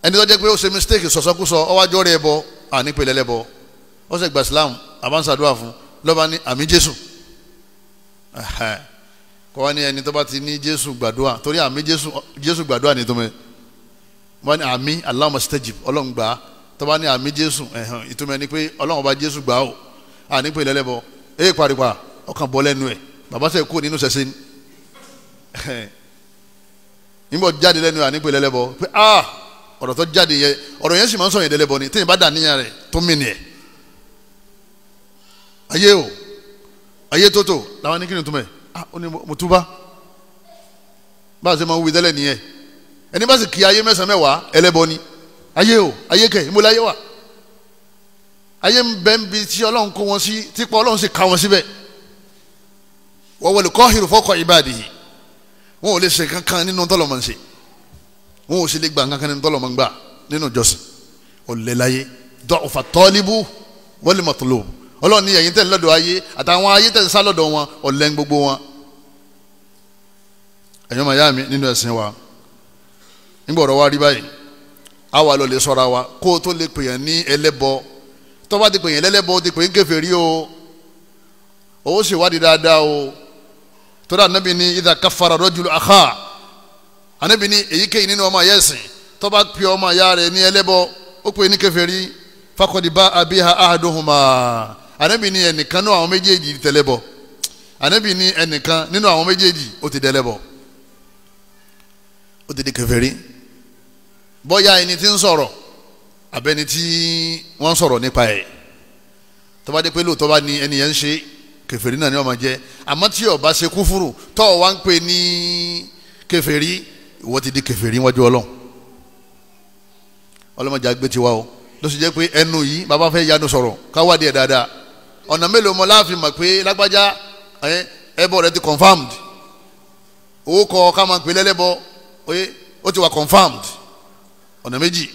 ẹni tó jẹ́ pé ó ṣe mistake sọ̀sọ́kúsọ ọwájọ́ rẹ̀ bọ ànípele lẹ́bọ̀ ó sì gba Islam àbánsàdúrà fún lọ́ba ní àmì Jésù kọ́ wá ní ẹni tó bá ti ní Jésù gbàdúrà torí àmì Jésù Jésù gbàdúrà ní tómi wọ́n ní àmì Allahumma stajib ọlọ́run gbà á tó bá ní àmì Jésù ìtumọ̀ ẹni pé ọlọ́run bá Jésù gbà á ò ànípele lẹ́bọ̀ èè paripa ọkàn bọ́ lẹ́nu ẹ̀ bàbá sẹ kó nínú sẹsẹ nígbà jáde lẹ́nu ànípe lẹlẹbọ pé ah ọ̀rọ̀ tó jáde yẹ ọ̀rọ̀ yẹn sì máa ń sọ yẹn lẹlẹbọ ni téèyàn bá dà níyàn rẹ tó mì nìyẹn ayé o ayé tótó làwọn anìkíni túmẹ ah ó ní mo túbá bá a ṣe máa ń wí tẹ́lẹ̀ nìyẹn ẹni bá sì kí ayé mẹ́sàn-án mẹ́wàá ẹlẹ́bọ ni ayé o ayé kẹ ìmúlẹ̀ ayé wa ayé ń bẹ́ bi tí ọlọ́run kó wọn sí tí pọ́ ọlọ́run sì ká wọn síbẹ̀. Si wọ́n wọlé kọ́hìrù fọ́kọ̀ ìbáàdì yìí wọn ò lè ṣe kankan nínú tọ́lọ̀mọ̀ ṣe wọn ò sì lè gba kankan nínú tọ́lọ̀mọ̀ gbà nínú jọ́sìn olùlẹ́láyé dọ́ọ̀fà tọ́líbù wal matlub ọlọ́run ẹ̀yìn tẹ̀ lọ́dọ̀ ayé àtàwọn ayé tẹ̀ sá lọ́dọ̀ wọn ọ̀lẹ́ gbogbo wọn. ẹ̀yọ́ màá yá mi nínú ẹ̀sìn wa nígbà ọ̀rọ̀ wa rí báyìí a wà lọ lè sọ́ra wa kó o tó lè pèèyàn ní ẹlẹ́bọ tó bá ti pèèyàn lẹ́lẹ́bọ ti pèèyàn kèfèrí o owó sì wádìí dáadáa o torí anabi ni idà káfara rọ́jùlù àká anabi ni èyíkéyìí nínú ọmọ ayẹ́sìn tó bá pe ọmọ ayá rẹ̀ ní ẹlẹ́bọ ó pe ní kèfèrí fakọ̀dì bá abiha ahaduhuma anabi ni ẹnìkan nínú àwọn méjèèjì tẹ̀lẹ́bọ anabi ni ẹnìkan nínú àwọn méjèèjì ó ti dẹ̀lẹ́bọ ó ti di kèfèrí bọ́yá ẹni tí ń sọ̀rọ̀ abẹ́ni tí wọ́n sọ̀rọ̀ nípa ẹ̀ tó bá dé lóòótọ́ bá ni ẹni yẹn ń ṣe é kèfèrí náà ni wọ́n máa jẹ́ àmọ́ tí ó bá ṣe kúfúrú tọ́ ọ wá ń pè ní kèfèrí ìwọ ti di kèfèrí wájú ọlọ́run ọlọ́mọdé àgbẹ̀ ti wá o ló sì jẹ́ pé ẹnu yìí bàbá fẹ́ yanu sọ̀rọ̀ káwádìí ẹ̀ dáadáa ọ̀nà mélòó mọ láàfin mọ̀ pé lágbájá ẹbọ rẹ ti confirmed owó kọ ká máa pè lẹ́lẹ́bọ ó ti wà confirmed ọ̀nà méjì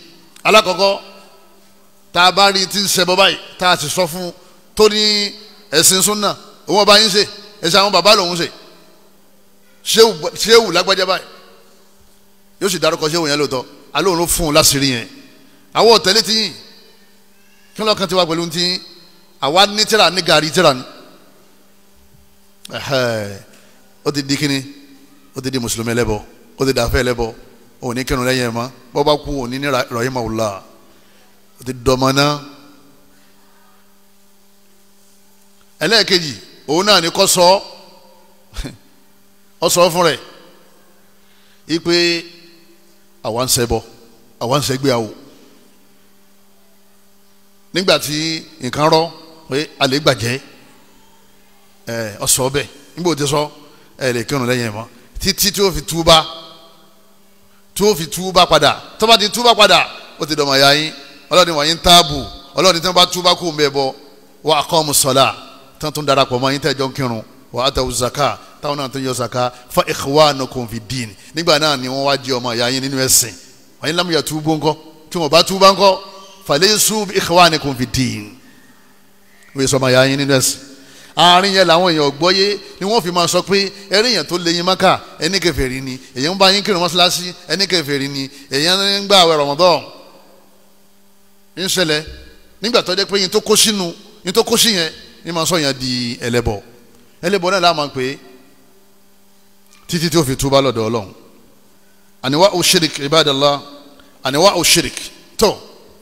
alákọ̀ọ́kọ́ tá a bá rí ti ń ṣẹbọ báyìí tá a sì sọ fún tó ní ẹ̀sìn súnà òun ọba yín ṣe ẹ̀sìn àwọn bàbá lòun ṣe ṣéwù lágbájá báyìí yóò sì dárúkọ ṣéwù yẹn lóòótọ́ alóhùn ló fún un láṣìírí yẹn àwọn òtẹ́lẹ̀ tí yìn kí lọ́kàn ti wá pẹ̀lú ti yìn àwa ní tíra ní gàrí tíra ni ó ti di kíni ó ti di mùsùlùmí ẹlẹ́bọ ó ti dàfẹ́ ẹlẹ́bọ òun ní kírun lẹ́yìn ẹ̀ mọ́ bọ́ bá kú òun ní ní ó ti dọ̀mọ́ náà. ẹlẹ́ẹ̀kejì òun náà ni kọ́ sọ ọ sọ fún rẹ̀ ipe àwa ń ṣẹbọ àwa ń ṣẹgbéyàwó nígbà tí nǹkan rọ pé a gbàjẹ́ ẹ ọsọ bẹ nígbà tí sọ ẹ fi túbà tí o fi túbà padà tó bá ti túbà padà ó ti dọ̀mọ̀ ya yín ọlọ́ọ̀ni wọ̀nyí ń táàbù ọlọ́ọ̀ni tí wọ́n bá túbà kó tán tún darapọ̀ mọ́ yín tẹ́jọ́ ń kírun wà á tẹ̀ zaka táwọn náà tún yọ zaka fa ikhwanukum fi din nígbà náà ni wọ́n wá jẹ́ ọmọ ìyá yín nínú ẹ̀sìn wọ́n yín lámúyà túbú ńkọ́ tí wọ́n bá túbá ńkọ́ falaysu bi ikhwanukum fi din wọ́n yẹ sọ ọmọ ìyá yín nínú ẹ̀sìn àárín yẹn làwọn èèyàn gbọ́yé ni wọ́n fi máa sọ pé ẹrí èèyàn tó léyìn yín kírun ẹni kèfèrí ni ní máa sọ yẹn di ẹlẹ́bọ ẹlẹ́bọ náà láàmú pé títí tí ó fi túbá lọ́dọ̀ ọlọ́run àníwá ò ṣirik ibadallah àníwá ò ṣirik tó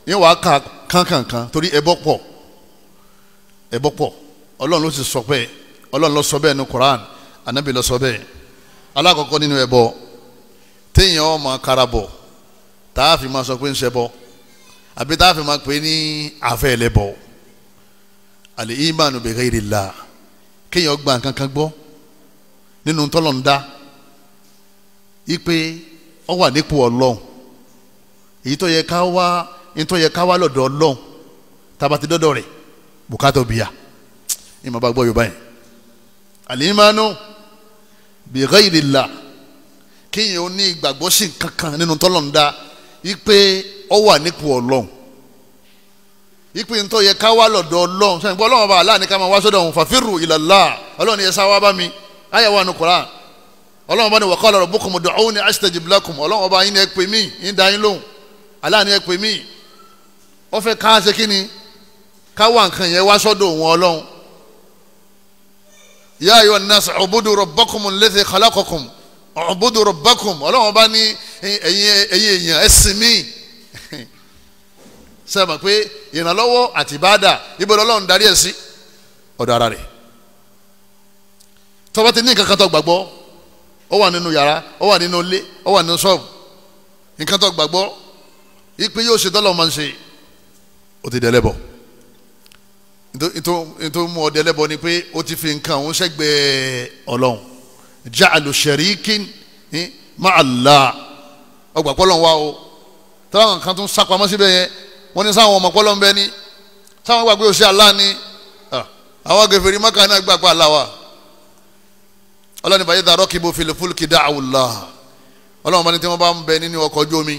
yẹn wàá kà kánkànkan torí ẹbọ pọ̀ ẹbọ pọ̀ ọlọ́run ló ti sọ bẹ́ẹ̀ ọlọ́run ló sọ bẹ́ẹ̀ anabi ló sọ bẹ́ẹ̀ alákọ̀ọ́kọ́ nínú ẹbọ téèyàn ó máa karabọ̀ fi máa sọ pé ń ṣẹbọ àbí tá fi máa pè é ní àfẹ́ àlè ìmánu bi ghairi Allah kéèyàn gba nǹkan kan nínú tọ́lọ̀ ń dá ipe ọ wà nípò ọlọ́run èyí tó yẹ ká wá èyí tó yẹ ká wá lọ́dọ̀ ọlọ́run tabati dọ́dọ̀ rẹ̀ bùkátà bìyà ìmọ̀ bá gbọ́ yorùbá yẹn àlè ìmánu bi ghairi Allah kéèyàn ní ìgbàgbọ́ sí nǹkan nínú tọ́lọ̀ ń dá ipe ọ wà nípò ọlọ́run ipe ntọ́ yẹ ká wá lọ́dọ̀ ọlọ́run sọ́yìn pé ọlọ́run ọba aláàní ká máa wá sọ́dọ̀ ọ̀hún fàfírù ìlàlá ọlọ́run ni ẹ sá wá bá mi ayé wa nu koran ọlọ́run ọba ni waqala rabbukum ud'uni astajib lakum ọlọ́run ọba yín ni ẹ pè mí yín dá yín lóhùn aláàní ẹ pè mí ó ká ṣe kí ni ká wá nǹkan yẹn wá sọ́dọ̀ òun ọlọ́run ya ayyuhan nas ubudu rabbakum alladhi khalaqakum ubudu rabbakum ọlọ́run ọba ni ẹ̀yin ẹ̀yin èèyàn ẹ̀sìn míì sẹ́mi pé ìrànlọ́wọ́ àti ìbáàdà ibo lọ́lọ́run darí ẹ̀ sí ọ̀dọ̀ ara rẹ̀ tọ́ba ti ní nǹkan kan tó gbàgbọ́ ó wà nínú yàrá ó wà nínú ilé ó wà nínú ṣọ́ọ̀bù nǹkan tó gbàgbọ́ ipe yóò ṣe dọ́là ọmọ ṣe ó ti dẹ́lẹ́bọ̀ nítorí mú ọ dẹ́lẹ́bọ̀ ni pé ó ti fi nǹkan òun ṣẹ́gbẹ̀ẹ́ ọlọ́run ja'alu sharikin eh, ma'a Allah ọgbà pọ́lọ́n wa o wọ́n ní sáwọn ọmọ pọ́lọ́ ń bẹ ní sáwọn gbàgbé òṣè Allah ni àwọn gèfèrè mọ́kà náà gbàgbé Allah wa ọlọ́ni bàyẹ̀ dàrọ́ kí bo fìlìfúlù kí dá àwùlá ọlọ́run bá ní tí wọ́n bá ń bẹ nínú ọkọ̀ ojú omi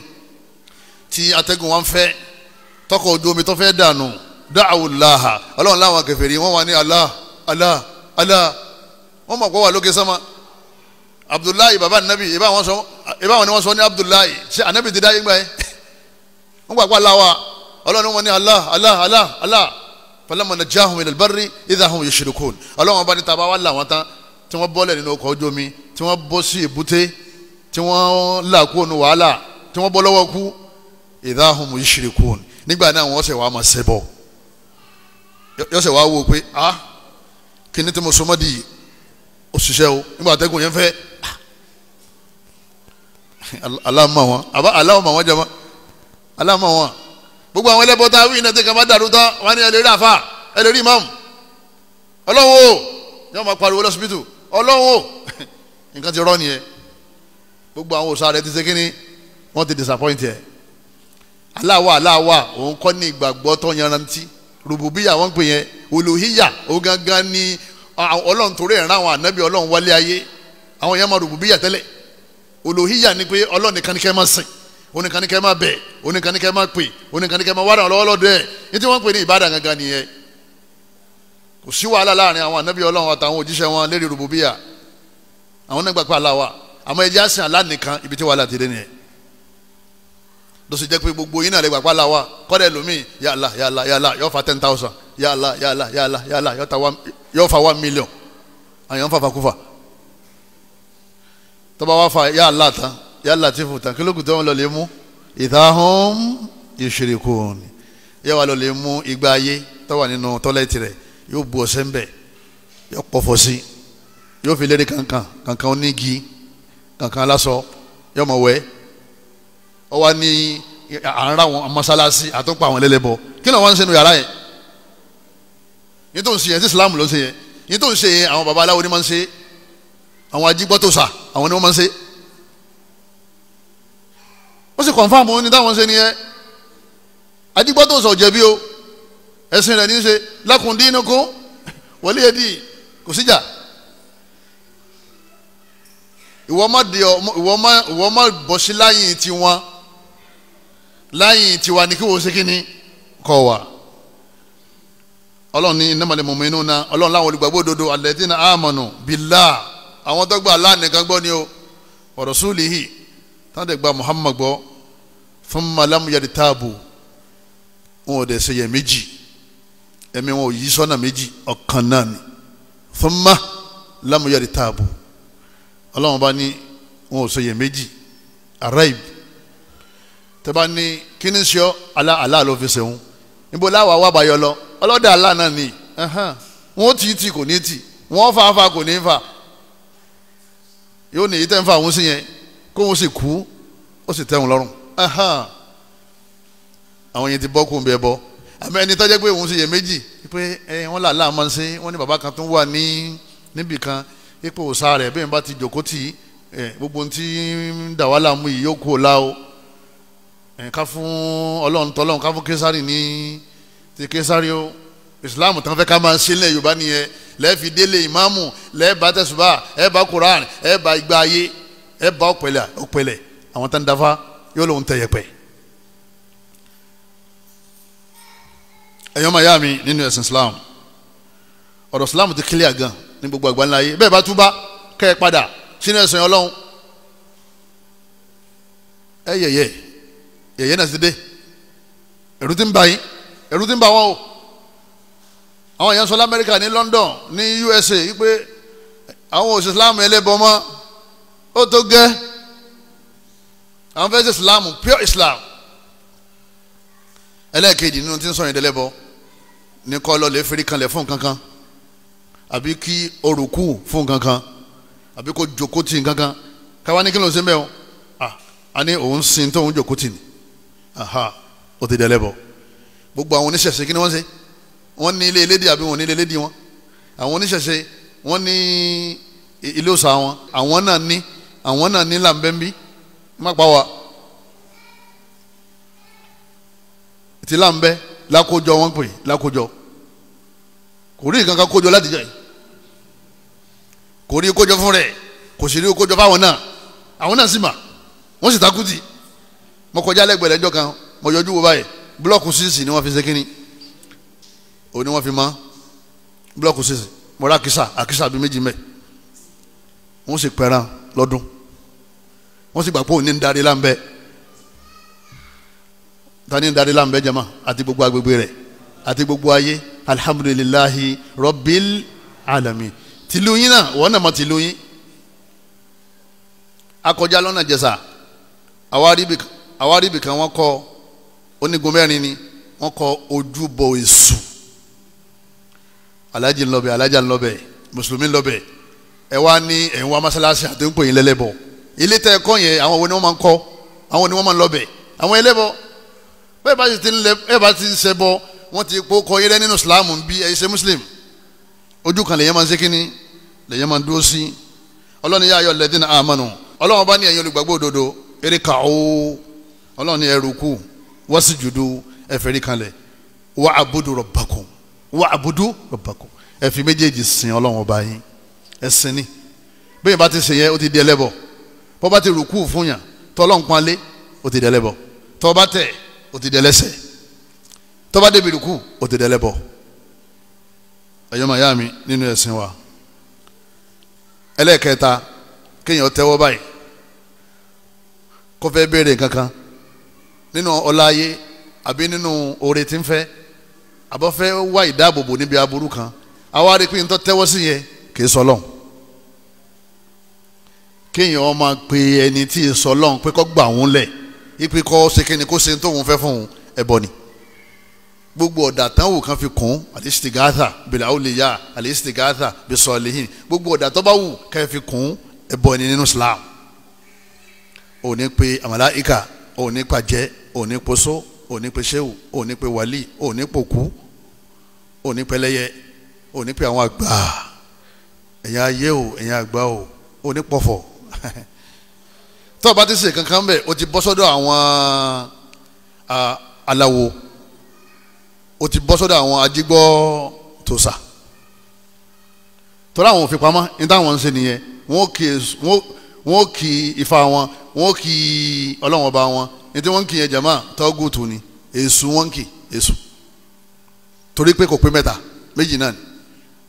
tí atẹ́gùn wọn fẹ́ tọkọ̀ ojú omi tó fẹ́ dànù dá àwùlá ọlọ́run láwọn gèfèrè wọ́n wà ní Allah Allah Allah wọ́n mọ̀ pé wà lókè sánmà Abdullahi baba anabi ìbá wọn ni wọ́n sọ ní Abdullahi ṣe anabi ti dá yín gbà yẹn wọ́n gbàgbọ́ Allah ọlọ́run wọn ní Allah Allah Allah Allah falamma najjahum ilal barri idha hum yushrikun ọlọ́run bá ní taba wà láwọn tán tí wọ́n bọ́lẹ̀ nínú ọkọ̀ ojú omi tí wọ́n bọ́ sí èbúté tí wọ́n là kú ònú wàhálà tí wọ́n bọ́ lọ́wọ́ kú idha hum yushrikun nígbà náà wọ́n sẹ̀ wá máa ṣẹbọ yọ́sẹ̀ wá wò pé ah kí ni tí mo sọmọ́ di òṣìṣẹ́ o nígbà tẹ́gùn yẹn fẹ́ ah, aláàmà wọn àbá wọn jama gbogbo àwọn ẹlẹ́bọ tá a wí iná tí kan bá dàrú tán wọn ni ẹlẹ́rìí àfa ẹlẹ́rìí imam ọlọ́run o ni wọ́n máa pariwo lọ́sibítù ọlọ́run o nǹkan ti rọ́ nìyẹn gbogbo àwọn òòṣà rẹ ti ṣe kínní wọ́n ti disappoint ẹ̀ aláwa aláwa òun kọ́ ní ìgbàgbọ́ tó yanrantí rùbùbíyà wọ́n pè yẹn olùhíyà ó gangan ọlọ́run torí ẹ̀ràn àwọn ànábì ọlọ́run wálé ayé àwọn yẹn máa rùbùbíyà tẹ́lẹ̀ olùhíyà ni pé ọlọ́run nìkan ni kẹ́ máa sìn oníkan ní kẹ́ máa bẹ̀ oníkan ní kẹ́ máa pè oníkan ní kẹ́ máa wádà lọ́wọ́ lọ́dọ̀ ẹ̀ ní tí wọ́n ń pè ní ìbádà gangan nìyẹn kò sí wàhálà láàrin àwọn ànábì ọlọ́run àtàwọn òjíṣẹ́ wọn lérí rúbùbíyà àwọn náà gbà pé aláwa àmọ́ ẹja sìn àlá nìkan ibi tí wàhálà ti dé nìyẹn ló sì jẹ́ pé gbogbo yín náà lè gbà pé aláwa kọ́dẹ̀ lómi yàlá yàlá yàlá yóò fa ten thousand yàlá yàlá yàlá yàlá yóò fa one million àyàn fàfàkúfà tọ́ba wá fa yàlá tán yà látìfù tán kí ló kù tó ń lọ lè mú ìdáhùn ìṣirikùn yà wà lọ lè mú igba ayé tó wà nínú tọ́lẹ́tì rẹ̀ yóò bu ọ̀sẹ̀ ńbẹ̀ yóò pọ̀fọ̀ sí yóò fi lérí kankan kankan onígi kankan aláṣọ yóò mọ̀ wẹ́ ọ wá ní àárá wọn mọ́sálásí àtúnpà àwọn ẹlẹ́lẹ́bọ kí ni wọ́n ń sẹ́nu yàrá yẹn yìí tó ń ṣe Islam ló ń ṣe yẹn àwọn baba aláwo ni wọ́n ń ṣe àwọn ajígbọ́tòsà àwọn ni wọ́n ń ṣe ó sì kọ̀nfàmù ní táwọn ṣe nìyẹn adigbọ́tò sọ̀ jẹ̀bi o ẹ̀sìn rẹ̀ ní í ṣe lákùndínnìkún wọlé ẹ̀dì kò síjà ìwọ má di ìwọ má ìwọ má bọ̀ sí láyìn tiwọn láyìn tiwa ní kí wọ́n ṣe kí ni kọ̀ wá ọlọ́run ní innamal mu'minuna ọlọ́run láwọn olùgbàgbọ́ òdodo alladhina amanu billah àwọn tó gbà Allah nìkan gbọ́ ni o wa rasulihi táwọn tẹ̀ gba Muhammad gbọ́ thumma lam yadtabu wọn ò dẹ̀ ṣe yẹ méjì ẹ̀mí wọn ò yí sọ́nà méjì ọ̀kan náà ni thumma lam yadtabu ọlọ́run bá ní wọn ò ṣe yẹ méjì araib tẹ́bá ní kíní sọ alá alá ló fi ṣẹ̀wọ̀n níbo láwa wà bá yọ lọ ọlọ́dẹ alá náà ni wọn tì í tì kò ní tì wọn fà á kò ní fà yóò ní èyí tẹ́ ń fà òun sí yẹn kóun sì kú ó sì tẹ́ òun lọ́rùn àwọn yẹn ti bọ́ kó ń bẹ bọ́ àmọ́ ẹni tó jẹ́ pé òun sì yẹ méjì pé wọ́n là láàmú sí wọ́n ní bàbá kan tó wà ní níbì kan ipò òsà rẹ̀ bẹ́ẹ̀ bá ti jòkó tì í gbogbo tí ń dà wá láàmú yìí yóò kó o lá o ká fún ọlọ́run tọ́lọ́run ká fún késàrì ní ti késàrì o islam tán fẹ́ ká máa ṣe ilẹ̀ yorùbá nìyẹn lẹ́ẹ̀fi délé ìmáàmù lẹ́ẹ̀bá tẹ̀sùbá ẹ̀ẹ́bá koran ẹ̀ẹ́bá ìgbà ayé ẹ̀ẹ́bá ọ̀pẹ̀lẹ̀ àwọn tán dáfá yóò lóun tẹ yẹpẹ ẹ̀yọ́ màyá mi nínú ẹ̀sìn Islam ọ̀rọ̀ Islam ti kílíà gan ní gbogbo àgbáńlá yé bẹ́ẹ̀ bá túbá kẹ́ ẹ padà sínú ẹ̀sìn Ọlọ́run ẹ yẹ̀yẹ́ yẹ̀yẹ́ náà ti dé ẹ̀rù ti ń bà yín ẹ̀rù ti ń bà wọ́n o àwọn èèyàn sọ lamẹ́ríkà ní London ní USA wípé àwọn òṣìṣẹ́ Islam ẹlẹ́bọ mọ́ ó tó gẹ́ẹ́ àwọn fẹ́ ṣe islam pure islam ẹlẹ́ẹ̀kejì nínú tí ń sọ yẹn dẹ́lẹ́bọ ní kọ́ lọ lè fẹ́rí kanlẹ̀ fún kankan àbí kí orùkù fún kankan àbí kó jòkó tì kankan káwa ní kí ló ń ṣe mẹ́ o a ní òun sin tó òun jòkó tì ní aha ó ti dẹ́lẹ́bọ gbogbo àwọn oníṣẹ̀ṣe kí ni wọ́n ṣe wọ́n ní ilé elédè àbí wọ́n ní ilé elédè wọn àwọn oníṣẹ̀ṣe wọ́n ní ilé òòsà wọn àwọn náà ní àwọn náà ní làǹbẹ̀ńbí má pa wá ìtìlá ń bẹ lákòjọ wọn pè lákòjọ kò rí nǹkan kan kójọ láti jẹ kò rí kójọ fún rẹ kò sì rí kójọ fáwọn náà àwọn náà sì mà wọn sì takùtì mo kọjá lẹ́gbẹ̀ẹ́ lẹ́jọ́ kan mo yọjú wo báyìí búlọ́ọ̀kù sísì ni wọ́n fi ṣe kínní òun ni wọ́n fi mọ́ búlọ́ọ̀kù sísì mo rà àkísà àkísà bíi méjì mẹ́ wọ́n sì pẹran lọ́dún wọ́n sì gbà pé òun ní ń darí láǹbẹ́ ta ni ń darí láǹbẹ́ jama àti gbogbo agbègbè rẹ̀ àti gbogbo ayé alihamudulilahi rọ́bìl alami tìlú yín náà wọ́n náà mọ tìlú yín akọjá lọ́nà jẹ̀sà àwárí ibìkan wọ́n kọ́ onígun mẹ́rin ni wọ́n kọ́ ojúbọ èṣù alájí ńlọbẹ̀ alájà ńlọbẹ̀ mùsùlùmí ńlọbẹ̀ ẹ wá ní ẹ̀ ń wá mọ́sálásí àti ń pè yín lẹ́lẹ́bọ̀ọ́ ilé tẹ́ ẹ kọ́ yẹn àwọn wo ni wọ́n máa ń kọ́ àwọn ni wọ́n máa ń lọ́bẹ̀ àwọn ẹlẹ́bọ bẹ́ẹ̀ bá ti ń lẹ bẹ́ẹ̀ bá ti ń ṣẹbọ wọ́n ti kó kọ́ yẹ́rẹ́ nínú sìláàmù bí ẹ ṣe muslim ojú kan lèyẹ́ máa ń ṣe kínní lèyẹ́ máa ń dúró sí ọlọ́run yá ayọ̀ lẹ́dínà àmánù ọlọ́run bá ní ẹ̀yin olùgbàgbọ́ òdodo eré kà ó ọlọ́run ní ẹrù kù wọ́n sì jùdú ẹ̀fẹ̀ rí kanlẹ̀ wà àbúdú rabbakum wà àbúdú rabbakum ẹ̀fì méjèèjì sìn ọlọ́run ọba yín ẹ̀sìn ni bẹ́ẹ̀ bá ti ṣe yẹn ó ti di ẹlẹ́bọ̀ọ́ bó bá ti rùkú fún yàn tọ́lọ́n panlé ó ti dẹ̀lẹ́ bọ̀ tó bá tẹ̀ ó ti dẹ̀lẹ́ sẹ̀ tó bá débi rùkú ó ti dẹ̀lẹ́ bọ̀ ẹ̀yọ́ màá yá mi nínú ẹ̀sìn wa ẹlẹ́ẹ̀kẹta kéèyàn tẹ́wọ́ báyìí kó fẹ́ béèrè kankan nínú ọlá ayé àbí nínú oore tí ń fẹ́ àbọ̀ wá ìdáàbòbò níbi aburú kan àwa rí i pé n tó tẹ́wọ́ sí yẹn kì í sọ lọ́hùn kéèyàn ọmọ pé ẹni tí ì sọ lọ́hùn pé kó gbà òun lẹ̀ ipe kó ṣe kíni kó ṣe tóun fẹ́ fún un ẹbọ ni gbogbo ọ̀dà táwọn kan fi kún àlìsítìgáàtà bìlà òlìyà àlìsítìgáàtà bìsọ̀lìhìn gbogbo ọ̀dà tó wù ká fi kún ẹbọ ni nínú Islam òní pe àmàláìkà òní pàjẹ́ òní poso òní pe sehu òní pe wali òní pòkú òní pe lẹ́yẹ òní pe àwọn àgbà ẹ̀yin ayé o ẹ̀yin àgbà o òní pọ̀fọ̀ tó o bá ti ṣe kankan bẹ́ẹ̀ o ti bọ́ sọ́dọ̀ àwọn aláwo o ti bọ́ sọ́dọ̀ àwọn ajígbọ́ tòṣà tọ́lá àwọn òfin pamọ́ ní táwọn ń ṣe nìyẹn wọ́n kì í ifá wọn wọ́n kì ọlọ́wọ́n ọba wọn ní tí kì yẹn jama tọ́gùtù ni èṣù wọ́n kì í èṣù torí pé kò pé mẹ́ta méjì náà ni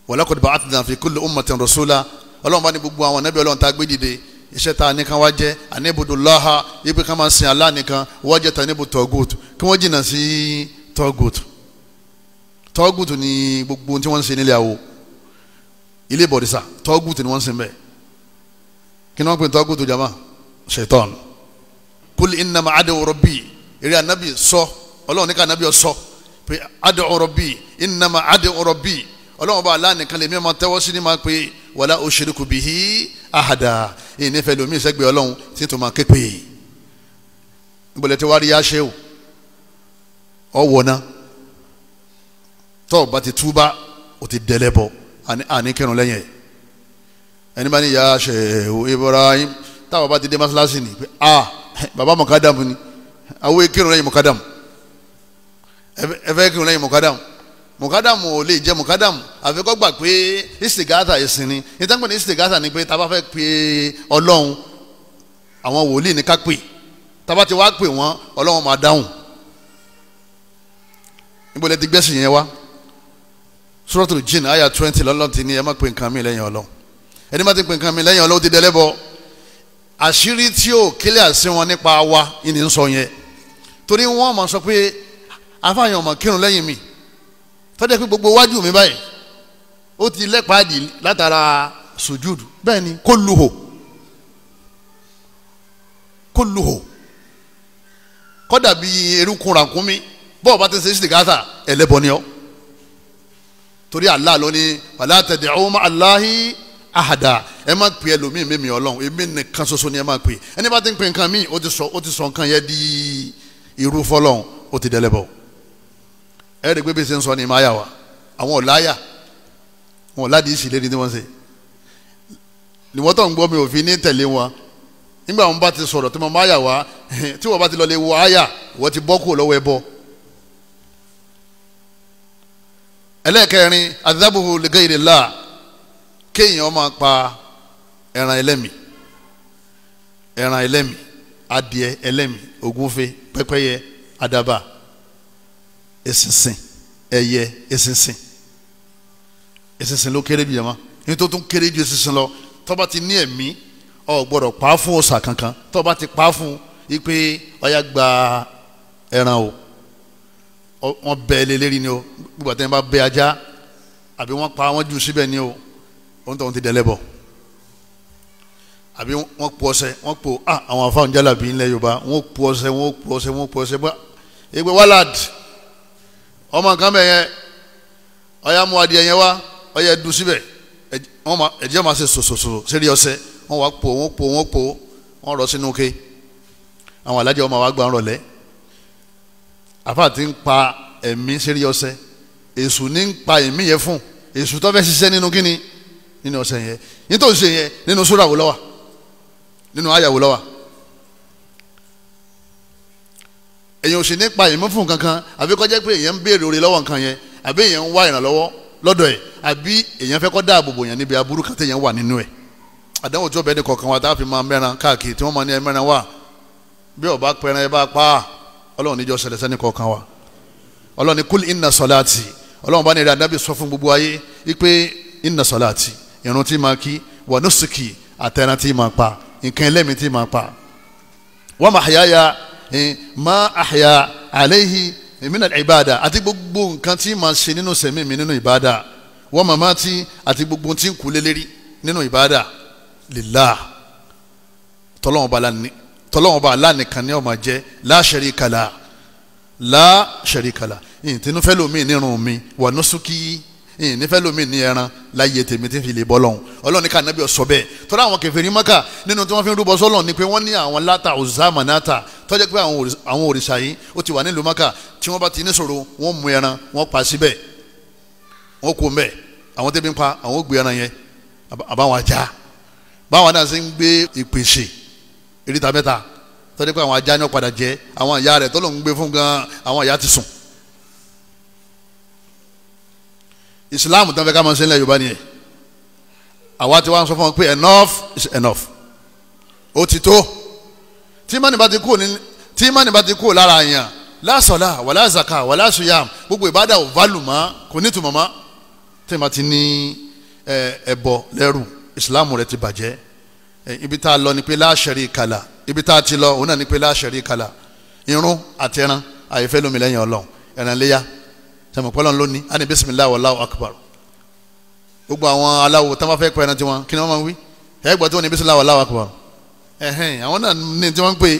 walaqad ba'athna fi kulli ummatin rasula ọlọ́wọ́n bá ní gbogbo àwọn ànábì ọlọ́wọ́n tá a gbé dìde iṣẹ́ tá a ní kan wá jẹ́ anibudulaha ibi kan máa sin Allah nìkan wọ́n jẹ́ tanibu tọ́gùtù kí wọ́n jìnnà sí Togut tọ́gùtù ni gbogbo tí wọ́n ń ṣe nílé àwo ilé bọ̀dísà tọ́gùtù ni wọ́n ń ṣe bẹ́ẹ̀ kí ni wọ́n pè tọ́gùtù jama ṣaitan kul innama adu rabbi eré anabi sọ ọlọ́run ní ká anabi sọ pé adu rabbi innama adu rabbi ọlọ́run bá aláǹkan lè mí máa tẹ́wọ́ sí ni máa pè é wala ushriku bihi ahada ìnífẹ̀ẹ́ lomi ìsẹ́gbẹ̀ẹ́ ọlọ́run tí tó máa képe ìbọ̀lẹ́tẹ̀ wá o ọ̀wọ̀ náà tọ́ bá ti túbá o ti dẹ́lẹ̀ bọ̀ àní kẹrùn lẹ́yìn ẹ̀ ẹni bá ní yáṣẹ́ o Ibrahim táwọn bá ti dé masalasi ni pé a baba mọ̀kádàmù ni àwọn ekérùn lẹ́yìn mọ̀kádàmù ẹ̀fẹ́ ekérùn lẹ́yìn mọ̀kádàmù Mukadamu ò lè jẹ́ mùkádàmù àfikọ́ gbà pé ìsìgáàtà ẹ̀sìn ni ìtàgbọ́n ní ìsìgáàtà ni pé tábà fẹ́ pe ọlọ́run àwọn wòlíì ní ká pè tábà ti wá pè wọ́n ọlọ́run máa dáhùn níbo lẹ gbẹ́sìn yẹn wá suratul jin aya twenty lọ́lọ́run ti ní ẹ má pe nǹkan mi lẹ́yìn ọlọ́run ẹni má ti pe nǹkan mi lẹ́yìn ọlọ́run ti dẹ́lẹ́bọ àṣírí tí ò kílẹ̀ àṣẹ wọn nípa wa ìní ń sọ yẹn torí wọ́n máa sọ pé afáàyàn ọmọ kírun lẹ́yìn mi tọ́jà pé gbogbo wájú mi báyìí ó ti lẹ́pàdì látara sùjúdù bẹ́ẹ̀ ni kó luhò kó luhò kọ́dà bíi eruku ràkúnmí bọ́ọ̀ bá ti ṣe ṣìkàtà ẹlẹ́bọ ni ọ́ torí Allah ló ní wàlá tad'u ma'a Allahi ahada ẹ má pè ẹlòmíì mímì ọlọ́run èmi nìkan ṣoṣo ni ẹ má pè ẹni bá ti ń pè nǹkan míì ó ti sọ ó ti sọ nǹkan yẹn di irú fọlọ́run ó ti dẹlẹ́bọ ẹ rí pé ń sọ ni máa yà wá àwọn ọ̀láyà wọn ọ̀lá dìísì lérí tí wọ́n ṣe níwọ́n tó ń gbọ́ mi ò fi ní tẹ̀lé wọn nígbà wọn bá ti sọ̀rọ̀ tí wọ́n máa yà wá tí wọ́n bá ti lọ wọ àyà wọ́n ti bọ́ kúrò lọ́wọ́ ẹ bọ́ ẹlẹ́ẹ̀kẹrin adábòho lè kéèyàn máa pa ẹran ẹlẹ́mì ẹran ẹlẹ́mì adìẹ ẹlẹ́mì ògúnfe pẹ́pẹ́yẹ àdàbà esinsin ẹyẹ esinsin esinsin ló kéré jù yẹn mọ ní tó tún kéré ju esinsin lọ tó bá ti ní ẹ̀mí ọ gbọ́dọ̀ pa á fún ọ̀sà kankan tó bá ti pa á fún ipe ọya gba ẹran o wọn bẹ lélẹ́rìí ni o gbogbo àtẹnudá bẹ ajá àbí wọn pa wọn jù síbẹ̀ ni o wọn tó wọn ti dẹlẹ bọ àbí wọn po ọṣẹ wọn po ah àwọn afáwọn jálàbí ńlẹ Yorùbá wọn po ọṣẹ wọn po ọṣẹ wọn po ọṣẹ bá ẹgbẹ wàlàdì ọmọ nǹkan bẹ̀ yẹn ọyá mu adìẹ yẹn wá ọyẹ du síbẹ̀ ẹ̀jẹ̀ máa ṣe sòsòsò sẹ́rí ọsẹ wọ́n wá po wọ́n po wọ́n po wọ́n rọ sínú ké àwọn alájà ọmọ wa gbà ń rọlẹ́ àfa ti ń pa ẹ̀mí sẹ́rí ọsẹ èṣù ní ń pa ẹ̀mí yẹn fún èṣù tó fẹ́ ṣiṣẹ́ nínú kíni nínú ọsẹ yẹn nítòsí yẹn nínú súrà wò lọ́wà nínú àyà wò lọ́wà èyàn ò sì ní pa ìmọ̀ fún kankan àbí kọjá pé èyàn ń béèrè oore lọ́wọ́ nǹkan yẹn àbí èyàn ń wá ìrànlọ́wọ́ lọ́dọ̀ ẹ̀ àbí èyàn fẹ́ kọ́ dáàbò bò yàn níbi aburú kan téèyàn wà nínú ẹ̀ àdánwò tí ọbẹ̀ ní kọ̀ọ̀kan wa tá a fi máa mẹ́ran káàkiri tí wọ́n máa ní ẹmẹ́ran wà bí ọba pẹran ẹ bá pa ọlọ́run níjọ ṣẹlẹ̀ sẹ́ni kọ̀ọ̀kan wa ọlọ́run ní kúl inna sọláàtì ọlọ́run bá ní ìrìn àdábì sọ inna sọláàtì irun tí máa wa nusuki àtẹran tí pa nǹkan ẹlẹ́mìí tí pa wa mahyaya má àyà àléhi ìmínà ìbáàdà àti gbogbo nǹkan tí màá ṣe nínú sẹ̀mí mi nínú ìbáàdà wọ́n màmá tí àti gbogbo tí ń kú lélẹ́rí nínú ìbáàdà lillah tọ́lọ́wọ́n bá alánìkan ní ọmọ jẹ́ la sharika la la sharika la ìtìnúfẹ́ lómi nírun mi wà nusuki ìyìn nífẹ̀ lómi ní ẹran láyé tèmi tí fi lè bọ́ lọ́hùn ọlọ́run ní ká nàbí ọ̀sọ́ bẹ́ẹ̀ tọ́lá àwọn kèfèrí Mákà nínú tí wọ́n fi ń rúbọ sọ́lọ̀ ni pé wọ́n ní àwọn látà ọ̀zá mànáta tó jẹ́ pé àwọn òrìṣà yìí ó ti wà nílùú Mákà tí wọ́n bá ti ní ṣòro wọ́n mú ẹran wọ́n pa síbẹ̀ wọ́n kó mbẹ̀ àwọn tẹ́bi ń pa àwọn ó gbé ẹran yẹn àbáwọn ajá báwọn náà ṣe ń gbé ìpèsè eríta mẹ́ta tó jẹ́ pé àwọn ajá ní ó padà islam tán fẹ́ ká máa ṣe ń lẹ̀ yorùbá nìyẹn àwa ti wá sọ fún wọn pé enough is enough ó ti tó tí mánì bá ti kú ní tí mánì bá ti kú lára yẹn lásọlá wàlá zaka wàlá suyam gbogbo ìbádà ò válù mọ́ kò ní tùmọ̀ mọ́ tí ma ti ní ẹbọ lẹ́rù islam rẹ ti bàjẹ́ ibi tá a lọ ni pé la sharika la ibi tá a ti lọ òun náà ni pé la sharika irun àti ẹran àyèfẹ́ lómi lẹ́yìn ọlọ́run ẹran léyà sẹ́mi pọ́lọ́ ló ní á ní bisimilahi wallahu akbar gbogbo àwọn aláwo tí wọ́n fẹ́ pẹ́ẹ́rẹ́ tiwọn kí ni wọ́n máa ń wí ẹ̀ gbọ́ tí wọ́n ní bisimilahi wallahu akbar ẹ̀hẹ́n àwọn náà ní tí wọ́n ń pè é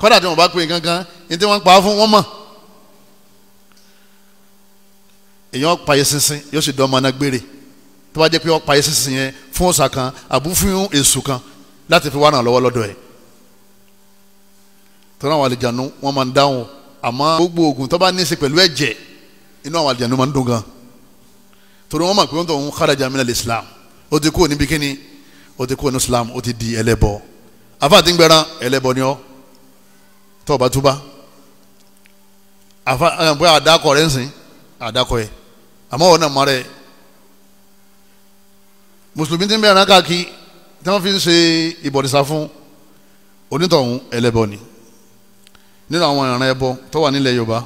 kọ́dà tí wọ́n bá pè é kankan ní tí wọ́n ń pa á fún wọn mọ̀ èyàn payé sísìn yóò sì dọ́ ọmọ náà gbére tó bá jẹ́ pé wọ́n payé sísìn yẹn fún ọ̀sà kan àbú fún kan láti fi wá lọ́wọ́ lọ́dọ̀ ẹ̀ tọ́lá àwọn àlejànú wọ́n máa ń dáhùn àmọ́ gbogbo oògùn tó bá ní í ṣe pẹ̀lú ẹ̀jẹ̀ inú àwọn àlìjànnú máa ń dùn gan torí wọ́n mọ̀ pé wọ́n tó ń kharaja minal islam ó ti kúrò níbi kíni ó ti kúrò ní islam ó ti di ẹlẹ́bọ àfáàtì ń gbẹran ẹlẹ́bọ ni ọ́ tó bá túbá àfa àyànfẹ́ àdàkọ rẹ̀ ń sìn àdàkọ yẹ àmọ́ wọn náà mọ rẹ̀ mùsùlùmí ti ń bẹ̀rẹ̀ káàkiri tí wọ́n fi ń ṣe ìbọ̀dìsá fún onítọ̀hún ẹlẹ́bọ ni nínú àwọn ìran ẹbọ tó wà nílẹ̀ yorùbá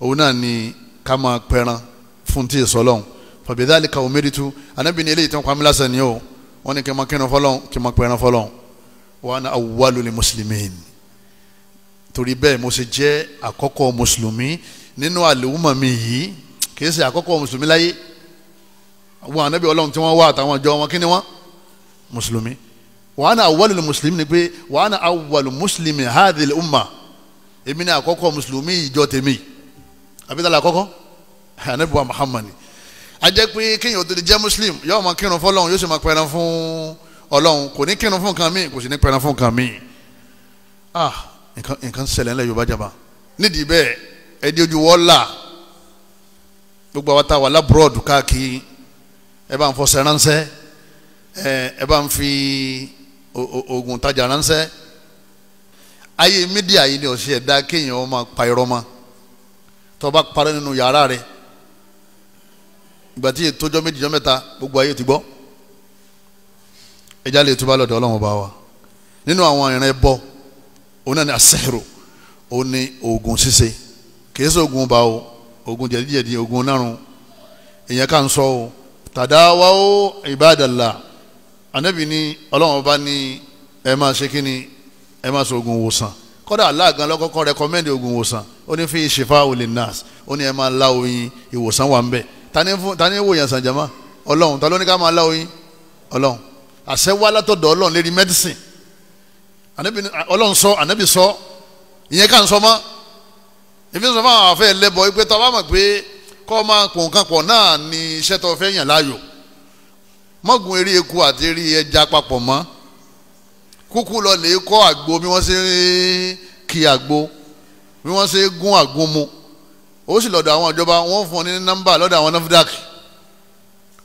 òun náà ni ká máa pẹran fún tí èso ọlọ́run fàbíyàdàlì kàwé mẹ́rìtú anábì ní eléyìí tó ń pa mí lásán ni o wọ́n ní kí n máa kírun fọlọ́run kí n máa pẹran fọlọ́run wa ana awwalul muslimin torí bẹ́ẹ̀ mo ṣe jẹ́ àkọ́kọ́ mùsùlùmí nínú àlùmọ̀ mi yìí kì í ṣe àkọ́kọ́ mùsùlùmí láyé àwọn anábì ọlọ́run tí wọ́n wá àtàwọn ọjọ́ wọn kí ni wọ́n mùsùlùmí wa ana awwalul muslimin ni pé wa ana awwalul muslimin hadhihi al-umma èmi ni àkọ́kọ́ mùsùlùmí ìjọ tèmi yìí abidala àkọ́kọ́ anabi wa muhammad ajẹ́ pé kéèyàn ò tètè jẹ́ muslim yóò máa kírun fún ọlọ́run yóò sì máa pẹran fún ọlọ́run kò ní kírun fún nǹkan míì kò sì ní pẹran fún nǹkan míì ah nǹkan nǹkan ṣẹlẹ̀ ńlẹ̀ yorùbá jaba nídìí bẹ́ẹ̀ ẹ di ojú wọ́ọ́lá gbogbo àwọn táwa lábúrọ̀dù káàkiri ẹ bá ń fọṣẹ ránṣẹ́ ẹ bá ń fi oògùn tajà ránṣẹ́ ayé mídíà yìí ni ọ̀sẹ̀ ẹ̀dá kéèyàn máa pa irọ́ máa tó bá parẹ́ nínú yàrá rẹ̀ ìgbà tí ètòjọ́ méjìjọ́ mẹ́ta gbogbo ayé ti gbọ́ ẹja lè túbọ̀ lọ́dọ̀ ọlọ́run bá wa nínú àwọn ìrìn ẹbọ òun náà ni asẹ́rò òun ni oògùn ṣíṣe kìí ṣe oògùn bá o oògùn jẹ̀díjẹ̀dí oògùn nárun èèyàn kà ń sọ o tàdáwá o ìbádàlà ànábì ni ọlọ́run bá ní ẹ máa ṣe kí ni ẹ máa ṣe oògùn wòsàn kọ́dà Allah gan lọ́kọ́kọ́ rẹkọmẹ́ndì oògùn ìwòsàn ó ní fi shifa'u linnas ó ní ẹ máa la oyin ìwòsàn wà ń bẹ̀ tani wò yàn sànjàmá ọlọ́run ta ló ní ká máa la oyin ọlọ́run àṣẹ wá látọ̀dọ̀ ọlọ́run lérí medicine ọlọ́run sọ ànábì sọ ìyẹn ká ń sọ mọ́ ìfi sọ fáwọn àfẹ́ ẹlẹ́bọ pé tọ́ bá mọ̀ pé kọ́ máa pọ̀ nǹkan pọ̀ náà ni iṣẹ́ tó fẹ́ yàn láàyò mọ́gun eré eku àti eré ẹja papọ̀ mọ́ kúkú lọ lè kọ́ àgbo bí wọ́n ṣe ń kí àgbo bí wọ́n ṣe gún àgbo mu ó sì lọ́dọ̀ àwọn ìjọba wọ́n fún ọ ní nọ́mbà lọ́dọ̀ àwọn NAFDAC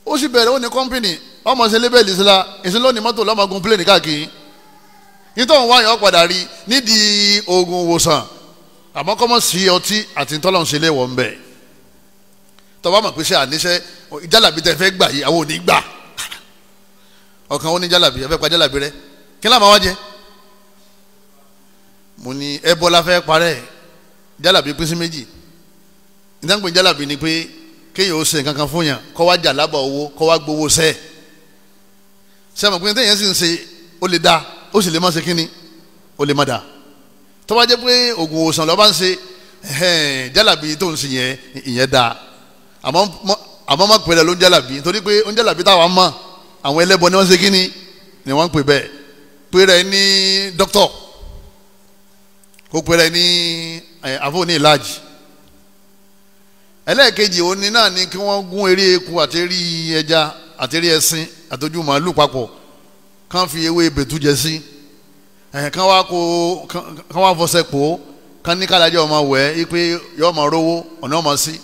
ó sì bẹ̀rẹ̀ ó ní kọ́mpìnì ọmọ ṣe lébẹ̀lì síla ìṣẹ́ lónìí mọ́tò lọ́mọgun pléènì káàkiri nítorí wọn yàn padà rí nídìí oògùn ìwòsàn àmọ́ kọ́mọ́ sí ọtí àti tọ́lọ́n ṣe léwọ̀ ń bẹ̀ tọ́ba mọ̀ pé ṣe àníṣe jálàbí tẹ fẹ́ gbà yìí àwọn ò ní gbà ọ̀kan ó ní jálàbí ẹ fẹ́ pa jálàbí rẹ̀ Kila ló máa wá jẹ mo ní ẹbọ la fẹ́ parẹ́ jálàbí pín sí méjì nítorí pé jálàbí ni pé kéèyàn ó ṣe nǹkan kan fún yàn kó wá jà lábọ̀ owó kó wá gbowó sẹ́ ṣe àmọ̀ pé téèyàn sì ń ṣe da ó sì lè má ṣe kínni ó lè má da tó bá jẹ́ pé oògùn òsàn lọ́ba ń ṣe jálàbí tó ń ṣe yẹn ìyẹn da àmọ́ má pè é lọ ló ń jálàbí torí pé ó ń jálàbí táwa mọ̀ àwọn ẹlẹ́bọ ni wọ́n ṣe kínni ni wọ́n pè bẹ́ẹ̀ pèrè ní dókítọ̀ kó pèrè ní eh, àfọ̀ní ìlàjì ẹlẹ́ẹ̀kejì òní náà ni kí wọ́n gún eré eku àti eré ẹja àti eré ẹṣin àtọ́jú màálù papọ̀ kán fi ewé bètú jẹ sí eh, kán wá kó kán wá fọṣẹ pò ó kán ní kálàjẹ́ ọmọ wẹ̀ rówó ọ̀nà ọmọ sí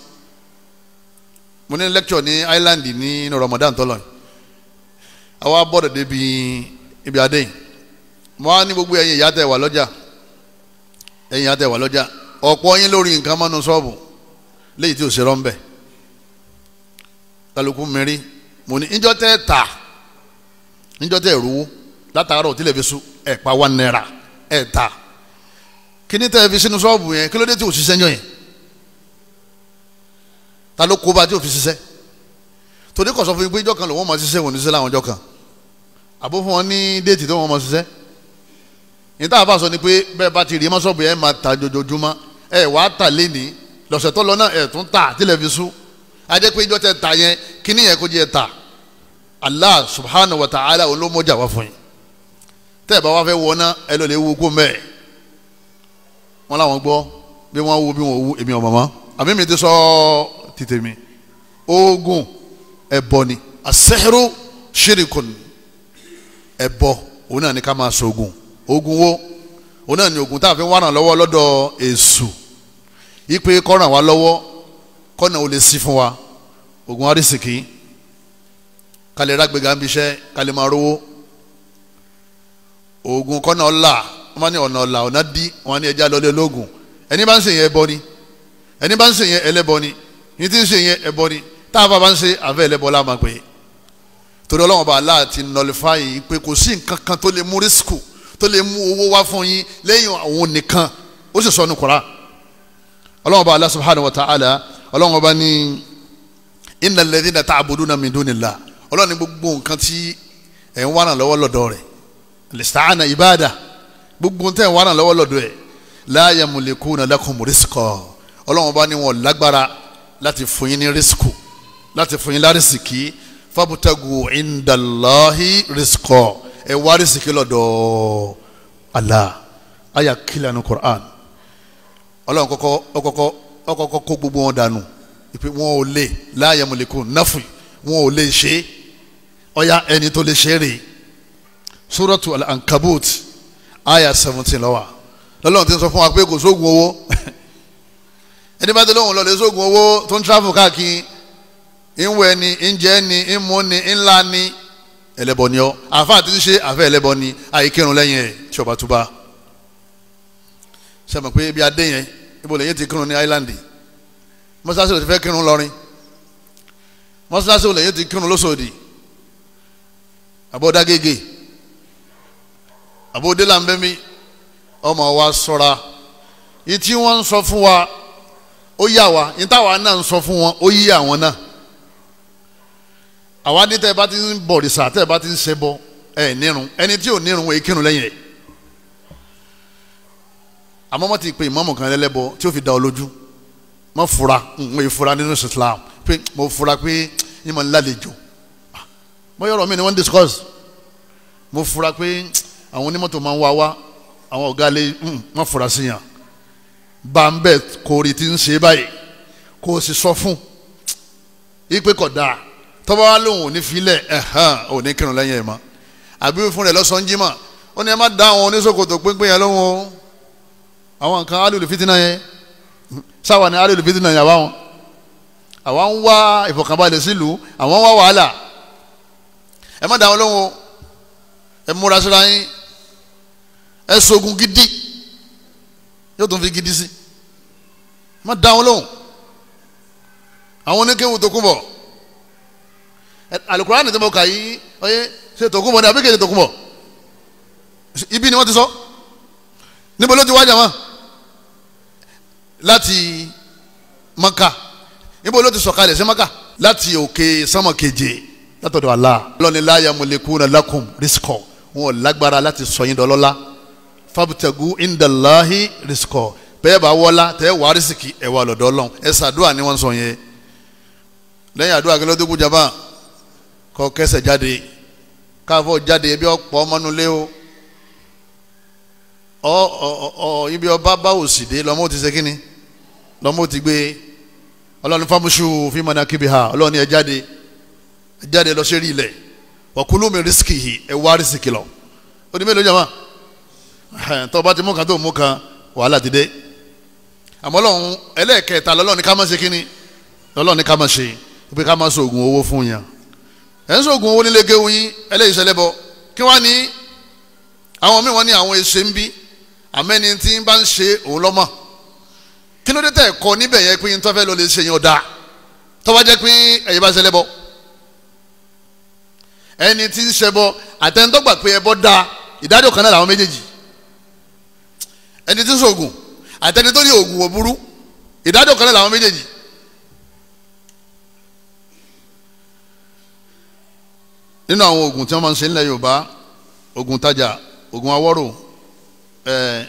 mo ní lecture ní mo á ní gbogbo ẹyin ìyá tẹ́ wà lọ́jà ẹ̀yin ìyá tẹ́ wà lọ́jà ọ̀pọ̀ yín lórí nǹkan mọ́nú ṣọ́ọ̀bù léyìí tí ò ṣe rọ́ńbẹ̀ kálukú mẹ́rí mo ní níjọ́ tẹ́ tà níjọ́ tẹ́ rówó látàárọ̀ tí lè fi sùn ẹ̀ pa wá náírà ẹ̀ tà kí tẹ́ fi sínú yẹn kí ló dé tí ò ṣiṣẹ́ yàn yẹn bá tí ò fi ṣiṣẹ́ torí kọ̀sọ́ fún mi pé ìjọ kan lòun máa ṣiṣẹ́ òun ní ní tá a bá sọ ni pé bẹ́ẹ̀ bá ti rí mọ́sọ́ọ̀bù yẹn máa ta jojoojúmọ́ ẹ wàá tà lẹ́nìí lọ́sẹ̀ tó lọ náà ẹ̀ tún tà tilẹ̀ fi sùn ajẹ́ pé ìjọ tẹ ta yẹn kíní yẹn kó jẹ́ ta Allah subhanahu wa ta'ala olómọjà wá fún yín tẹ́ ẹ bá wá fẹ́ wọná ẹ lọ lè wú kó mẹ́ẹ̀ wọn làwọn gbọ́ bí wọ́n wú bí wọ́n wú èmi ọ̀mọ̀mọ́ àmì mi ti sọ títẹ̀ mi oògùn ẹ̀bọ ni asẹ́rù ṣírìkùn ẹ̀bọ òun náà ni ká máa sọ oògùn. So ogun wo òun náà ni ogun tá a fi wá ràn lọ́wọ́ lọ́dọ̀ èṣù ipe kọ́ràn wá lọ́wọ́ kọ́nà ò lè sí fún wa ogun arísìkí kálẹ̀ rágbègà ń bíṣẹ́ kálẹ̀ máa rówó ogun kọ́nà ọ̀la wọ́n máa ní ọ̀nà ọ̀la ọ̀nà dí wọ́n á ní ẹja lọ́lé lóògùn ẹni bá ń ṣe yẹn ẹbọ ni ẹni bá ń ṣe ẹlẹ́bọ ni ní ti ń ṣe ẹbọ ni táàbà bá ń ṣe àfẹ́ ẹlẹ́bọ láàmà pé torí ọlọ́wọ́n bá aláàtì nọlifáyì pé kò sí nǹkan kan tó lè mú rísíkù tó lè mú owó wá fún yín lẹ́yìn òun nìkan ó sì sọ ní kura ọlọ́run ọba Allah subhanahu wa ta'ala ọlọ́run ọba ní innal ladhina ta'buduna min dunillah ọlọ́run ní gbogbo nǹkan tí ẹ̀ ń wá ràn lọ́wọ́ lọ́dọ̀ rẹ̀ lẹ́sítàánà ìbáàdà gbogbo tẹ̀ ń wá lọ́wọ́ lọ́dọ̀ ẹ̀ la yamlikuna lakum rizqa ọlọ́run ọba ní wọn lágbára láti fún yín ní rísíkù láti fún yín lárísìkì fábùtàgù indallahi rizqa ẹ wá rísíkí lọ́dọ̀ Allah àyà kílà ní Qur'an ọlọ́run kọ́kọ́ ọkọ́kọ́ ọkọ́kọ́ kó gbogbo wọn dànù ìpè wọn ò lè láàyè mọ̀lẹ́kùn náfù wọn ò lè ṣe é ọ̀yà ẹni tó lè ṣe é rè é Suratu Al-Ankabut àyà seventeen lọ́wọ́ lọ́lọ́run ti sọ fún wa pé kò sóògùn owó ẹni bá ti lóhùn lọ́lẹ̀ sóògùn owó tó ń tráfù káàkiri ń wẹ̀ ni ń jẹ́ ni ń mú ni ń la ni ẹlẹ́bọ ni ọ àfa àti ṣíṣe àfẹ ẹlẹ́bọ ni àìkírun lẹ́yìn ẹ̀ tí ọba tó bá sẹ́mi pé ibi adé yẹn ibo lẹ́yìn ti kírun ní island mọ́sálásí ló ti fẹ́ kírun lọ́rin mọ́sálásí lẹ́yìn ti kírun lóṣòdì àbọ̀dágége àbọ̀délàmbẹ́mí ọmọ wa sọ́ra ìtí wọ́n sọ fún wa ó yà wá ìtàwa náà sọ fún wọn ó yí àwọn náà àwa ní tẹ́ ẹ bá ti ń bọ̀ rìsà tẹ́ ẹ bá ti ń ṣe bọ ẹ nírun ẹni tí ò nírun èyí kírun lẹ́yìn rẹ̀ àmọ́ ti pe ìmáàmù kan lẹ́lẹ́bọ tí ó fi da ọ lójú mọ́ fura mo yẹ fura nínú Islam pé mo fura pé yín mọ̀ ń lálejò ah, bóyá ọ̀rọ̀ mi ni wọ́n ń discuss mo fura pé àwọn onímọ̀tò máa ń wá wá àwọn ọ̀gá lè wọ́n hmm, fura sí yàn bambet kò rí ti ń ṣe báyìí kò sì sọ fún yí pé dáa tọ́ba lòun ò ní filẹ̀ ẹ̀hán ò ní kírun lẹ́yìn ẹ̀ mọ́ àbí fún rẹ̀ lọ́sàn-án jimá ó ní ẹ má dá àwọn oníṣòkòtò pínpín yẹn lóhùn o àwọn nǹkan alùlù fitina yẹn sáwà ní alùlù fitina yẹn àbáwọn àwa ń wá ìfọ̀kànbalẹ̀ sílùú àwọn ń wá wàhálà ẹ má dá àwọn lóhùn o ẹ múra síra yín ẹ sogun gidi yóò tún fi gidi sí ẹ má dá àwọn lóhùn àwọn oníkéwù tó kún bọ̀ alukurani tí mo kà yí ọyẹ ṣe tòkun bọ ni àbí kéde tòkun bọ ibi ni wọn ti sọ níbo ló ti wá jàmá láti maka níbo ló ti sọ̀kalẹ̀ sí maka láti òkè sánmọ̀ keje látọ̀dọ̀ Allah lọni láyà mulekuna lakum riskọ wọn ò lágbára láti sọ yín dọlọ́lá fabtagu indalahi riskọ bẹ́ẹ̀ bá wọlá tẹ wàá rísìkì ẹwà lọ́dọ̀ ẹ ṣàdúrà ni wọn sọ yẹn lẹ́yìn àdúrà kí ló dé kú jàmbá kọ́ kẹsẹ̀ jáde káfọ́ jáde ebi ọ̀pọ̀ ọmọnulé o ọ ọ ọ ibi ọba bá òsì dé lọ́mọ ti ṣe kínni lọ́mọ ti gbé ọlọ́run fámúṣu fíìmù náà kíbi ha ọlọ́run ni ẹ jáde ẹ jáde lọ sí rí ilẹ̀ ọ̀kúlù mi rìsíkì yìí ẹ wá rìsíkì lọ ó ní mélòó jàmá tọ́ ọba ti mú kan tó mú kan wàhálà ti dé àmọ́ ọlọ́run ẹlẹ́ẹ̀kẹta lọ́lọ́run ni ká má ṣe kínni lọ́lọ́run ká má ṣe pé ká má sọ oògùn owó fún yàn ẹ̀ ń sọ̀gùn owó nílé kéwu yín ẹlẹ́yìí sẹlẹ́bọ kí wọ́n ní àwọn míì wọ́n ní àwọn èsè ń bí àmẹ́ni tí ń bá ń ṣe òun lọ́mọ́ kí ló dé tẹ̀ kọ́ níbẹ̀ yẹn pé tó fẹ́ lọ lè ṣe yẹn ọ̀dà tó jẹ́ pé ẹ̀yìn bá sẹlẹ́bọ ẹni tí ń ṣẹbọ àtẹnudọ́gba pé ẹbọ da ìdájọ́ kan náà làwọn méjèèjì ẹni tí ń sọ̀gùn àtẹnudọ́ ní ògùn òburú ìdájọ́ kan náà làwọn méjèèjì nínú àwọn oògùn tí wọ́n máa ń ṣe nílẹ̀ Yorùbá oògùn tajà oògùn awọ́rò ẹ̀ẹ́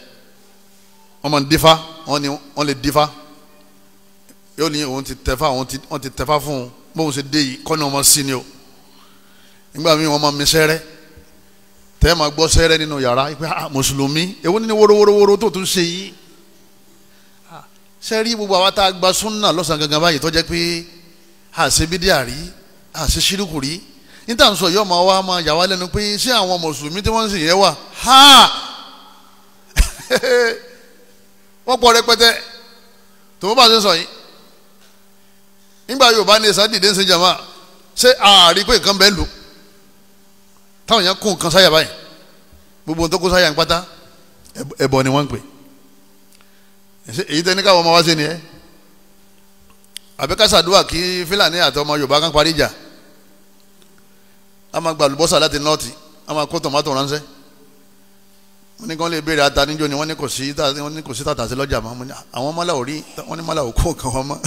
wọ́n máa ń dífá wọ́n ni wọ́n lè dífá yóò ní òun ti tẹ̀fá òun ti tẹ̀fá fún un bóun ṣe dé yìí kọ́ni ọmọ sí ni o nígbà míì wọ́n máa mi sẹ́rẹ́ tẹ́ máa gbọ́ sẹ́rẹ́ nínú yàrá pé ah mùsùlùmí èwo ni woro tó tún ṣe yìí sẹ́rí ah, gbogbo àwa tá a gba súnà lọ́sàn-án gangan báyìí tó jẹ́ pé àṣebídíà ah, rí àṣeṣírùkù ah, rí níta ń sọ yìí ọmọ wa máa yà wá lẹ́nu pé ṣé àwọn mùsùlùmí tí wọ́n ń sìn yẹn wà ha wọ́n pọ̀ rẹpẹtẹ tòun bá ṣe sọ yìí nígbà Yorùbá ní ẹ̀sán dìde ń ṣe jàmá ṣé ààrí pé nǹkan bẹ́ẹ̀ lò táwọn yẹn kún nǹkan sáyà báyìí gbogbo ohun tó kó sáyà ń pátá ẹ̀bọ ni wọ́n ń pè èyí tẹ́ ní káwọn ọmọ wa ṣe nìyẹn àbẹ́kásádùá kí Fúlàní àti ọmọ Yorùbá kan parí ìjà a máa gba àlùbọ́sà láti nọ́ọ̀tì a máa kó tòmátò ránṣẹ́ wọ́n ní kí wọ́n lè béèrè ata níjó ni wọ́n ní kò sí wọ́n ní kò sí tàtà sí lọ́jà mọ́ àwọn mọ́là ò rí wọ́n ní mọ́là ò kó kan wọ́n mọ́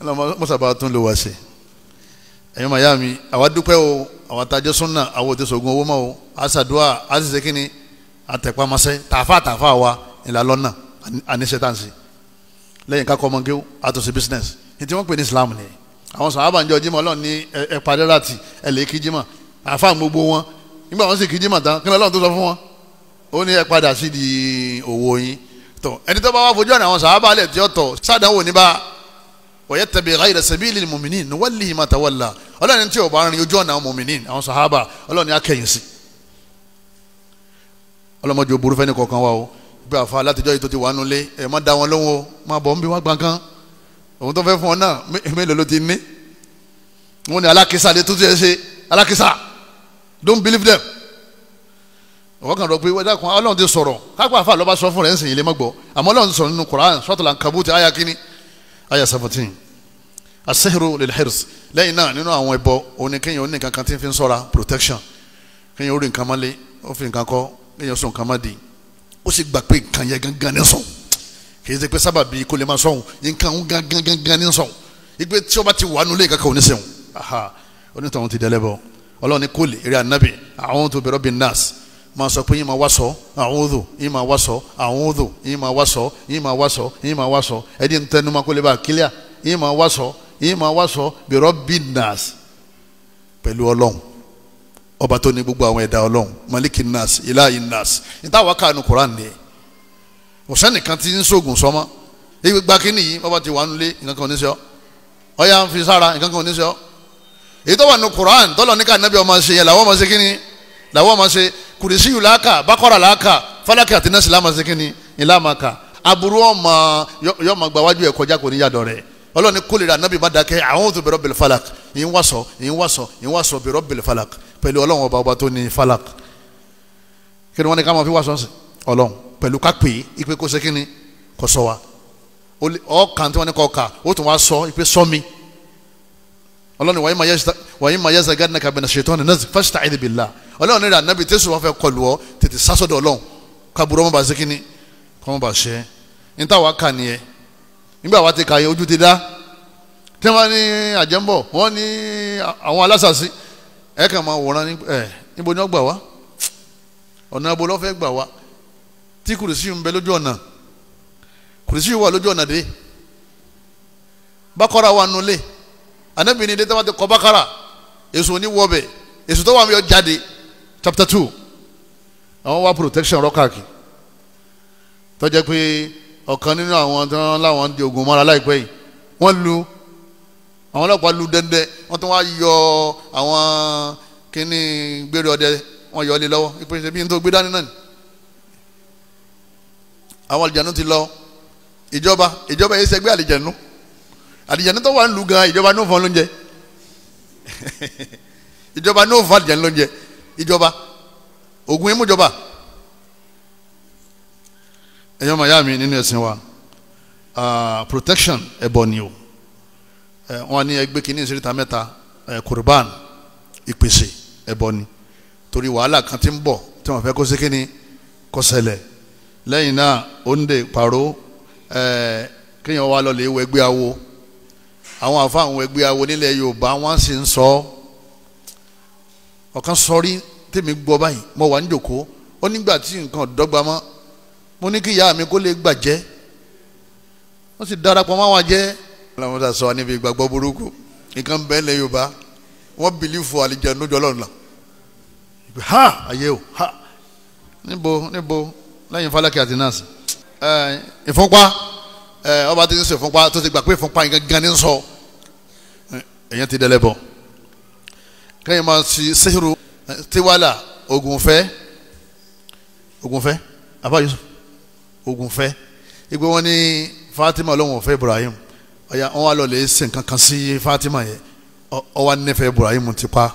ọlọ́mọ mọ́sàbá tún ló wá sí ẹ̀yin màá yá mi àwa dúpẹ́ o àwa tajọ́ súnà àwa òtí sògùn owó mọ́ o àṣàdúà àṣìṣe kínni àtẹ̀pámọ́sẹ́ tààfà tààfà wa ìlà àníṣe tàǹsì lẹ́yìn ká kọ́ ọmọ business ní wọ́n pè ní Islam nìyẹn àwọn sàhábà ń jọ jímọ̀ Ọlọ́run ní ẹ padà láti ẹ lè kí jímọ̀ àfa gbogbo wọn nígbà wọn sì kí jímọ̀ tán kí ni Ọlọ́run tó sọ fún wọn ó ní ẹ padà sí di òwò yín tó ẹni tó bá wá fojú ọ̀nà àwọn sàhábà lẹ̀ tí ó tọ̀ sádàwò ní bá wọ̀yẹ́ tẹ̀bi ghayra sabilil mu'minin nuwallihi ma tawalla Ọlọ́run tí ò bá rin ojú ọ̀nà àwọn mu'minin àwọn sàhábà Ọlọ́run ni akẹ́yìn sí ọlọ́mọdé burúfẹ́ ní kọ̀ọ̀kan wa o bí àfa látijọ́ yìí tó ti wà nulẹ̀ ẹ̀ má da o má bọ̀ ń bí òun tó fẹ́ fún ọ náà mélòó ló ti ní wọn ni alákísà lè tún tiẹ̀ ṣe alákísà don't believe them wọ́n kàn rọ pé wọ́n dákun ọlọ́run ti sọ̀rọ̀ kápá àfa lọ́ba sọ fún rẹ̀ ń sìn ilé mọ́gbọ́ àmọ́ ọlọ́run ti sọ̀rọ̀ nínú Quran Suratul Ankabut aya kínní aya seventeen asehru lilhirs lẹ́yìn náà nínú àwọn ẹbọ òní kéèyàn oní kan tí fi ń sọ́ra protection kéèyàn orí nǹkan mọ́lé ó fi nǹkan kọ́ kéèyàn sùn nǹkan má di ó sì gbà pé nǹkan yẹ gangan ní sùn kì í ṣe pé sábàbí kò lè máa sọ̀hún nǹkan ń gan gan gan gan ní sọ̀hún ìgbé tí ó bá ti wà nulẹ̀ kankan ò ní sẹ̀hún aha onítọ̀hún ti dẹ́lẹ́ bọ̀ ọlọ́run ní kólé eré anabi àwọn tó bẹ̀rọ̀ bí nas máa sọ pé yín máa wá sọ àwọn odò yín máa wá sọ àwọn odò yín máa wá sọ yín máa wá sọ yín máa wá sọ ẹni ń tẹnu máa kó lè bá kílíà yín máa wá sọ yín máa wá sọ bẹ̀rọ̀ bí nas pẹ̀lú ọlọ́run ọba tó ní gbogbo àwọn ẹ̀dá ọlọ́run maliki nas ilayi nas ìtawọ́ kanu koran nìyẹn kò sẹ́nìkan ti ń sóògùn sọmọ ibi gba kínní yìí bàbá ti wà nulẹ̀ nǹkan kan oníṣẹ́ ọ̀yà ń fi sára nǹkan kan oníṣẹ́ èyí tó wà ní Quran tọ́lọ̀ ní ká nàbí ọmọ ṣe yẹn làwọn ọmọ ṣe kínní làwọn ọmọ ṣe kùrìsíyù làákà bákọ́rà làákà fálákì àti nọ́ọ̀sì làwọn ṣe kínní ìlàmàkà aburú ọmọ yọmọ gbàwájú ẹ̀ kọjá kò ní yàdọ̀ rẹ̀ ọlọ́ni kólera nàbí má dákẹ́ a'udhu bi rabbil falak yín wá sọ yín wá sọ yín wá sọ bi rabbil falak pẹ̀lú ọlọ́wọ́n ọba ọba tó ní falak kí ni wọ́n ní ká máa fi wá sọ́ọ̀sì ọlọ́run pẹ̀lú ká pè é ipe kó ṣe ni kó sọ wa ọkàn tí wọ́n ní kọ́ ka ó tún wá sọ ipe sọ mi ọlọ́run wàyí ma yẹ́sà gádínà kàbẹ̀nà ṣètò ọ̀nà nẹ́ẹ̀sì fásitì àìdìbìlà ọlọ́run nílẹ̀ ànábì tẹ́sí wọn fẹ́ kọlu ọ tètè sásọ̀dọ̀ ọlọ́run kábùrọ̀ wọn bá ṣe kí ni kọ́ wọn bá ṣe ní táwa kà nìyẹn nígbà wa ti kà yẹ ojú ti dá tí wọ́n ní àjẹmbọ̀ wọ́n ní àwọn alásàsí ẹ̀ kàn máa wòran níbo ni wọ́n gbà wá ọ̀nà ibo gbà wá tí kùrìsì ń bẹ lójú ọ̀nà kùrìsì wà lójú ọ̀nà dé bákọ́ra wà nulẹ̀ anabi ni dẹ́tẹ́ wá ti kọ́ bákọ́ra èso ní wọ́ọ̀bẹ̀ èso tó wà mí ọ jáde chapter two àwọn wá protection rọ́kàkì tó jẹ́ pé ọ̀kan nínú àwọn tí wọ́n láwọn di ogun mọ́ra láìpẹ́ yìí wọ́n lu àwọn ọlọ́pàá lu dẹ́ndẹ́ wọ́n tún wá yọ àwọn kíní gbére ọdẹ wọ́n yọ ọ lé lọ́wọ́ ìpèsè bíi ní tó gbé dání náà ni àwọn àlìjànú ti lọ ìjọba ìjọba yìí ṣẹgbẹ́ àlìjànú àlìjànú tó wà ń lu gan ìjọba ní òfin lóúnjẹ ìjọba ní òfin àlìjànú lóúnjẹ ìjọba ògùn ìmújọba ẹ̀yọ́ màyá mi nínú ẹ̀sìn wa protection ẹ̀bọ ni o wọn ní ẹgbẹ́ kìíní ìṣèlítà mẹ́ta kurban ìpèsè ẹ̀bọ ni torí wàhálà kan ti ń bọ̀ tí wọ́n fẹ́ kó ṣe kí kó ṣẹlẹ̀ lẹ́yìn náà òǹdè pàró ẹ̀ẹ́ kéèyàn wá lọ lè wọ ẹgbẹ́ awo àwọn àfáàwọn ẹgbẹ́ awo nílẹ̀ Yorùbá wọ́n sì ń sọ ọ̀kan sọrí tèmi gbọ́ báyìí mo wà ń jòkó ó nígbà tí nǹkan dọ́gba mọ́ mo ní kí ìyá mi kó lè gbàjẹ́ wọ́n sì darapọ̀ mọ́ àwọn ajẹ́ làwọn ta sọ níbi ìgbàgbọ́ burúkú nǹkan bẹ́ẹ̀ lẹ̀ Yorùbá wọ́n bìlífù àlìjẹ́ nùjọ́ lọ́nà ha ayé o ha níbo níbo lẹ́yìn falaki àti nurse ìfúnpá ọba tí ń sọ ìfúnpá tó ti gbà pé ìfúnpá yẹn gan ni ń sọ èyàn ti dẹlẹ bọ kẹyìn máa ti sehiru tiwala ogunfẹ ogunfẹ abba yusuf ogunfẹ igbe wọn ní fatima lóhùn ọfẹ ibrahim ọyà wọn wà lọlẹ ẹsẹ kankan sí fatima yẹ ọwọ anífẹ ibrahim ti pa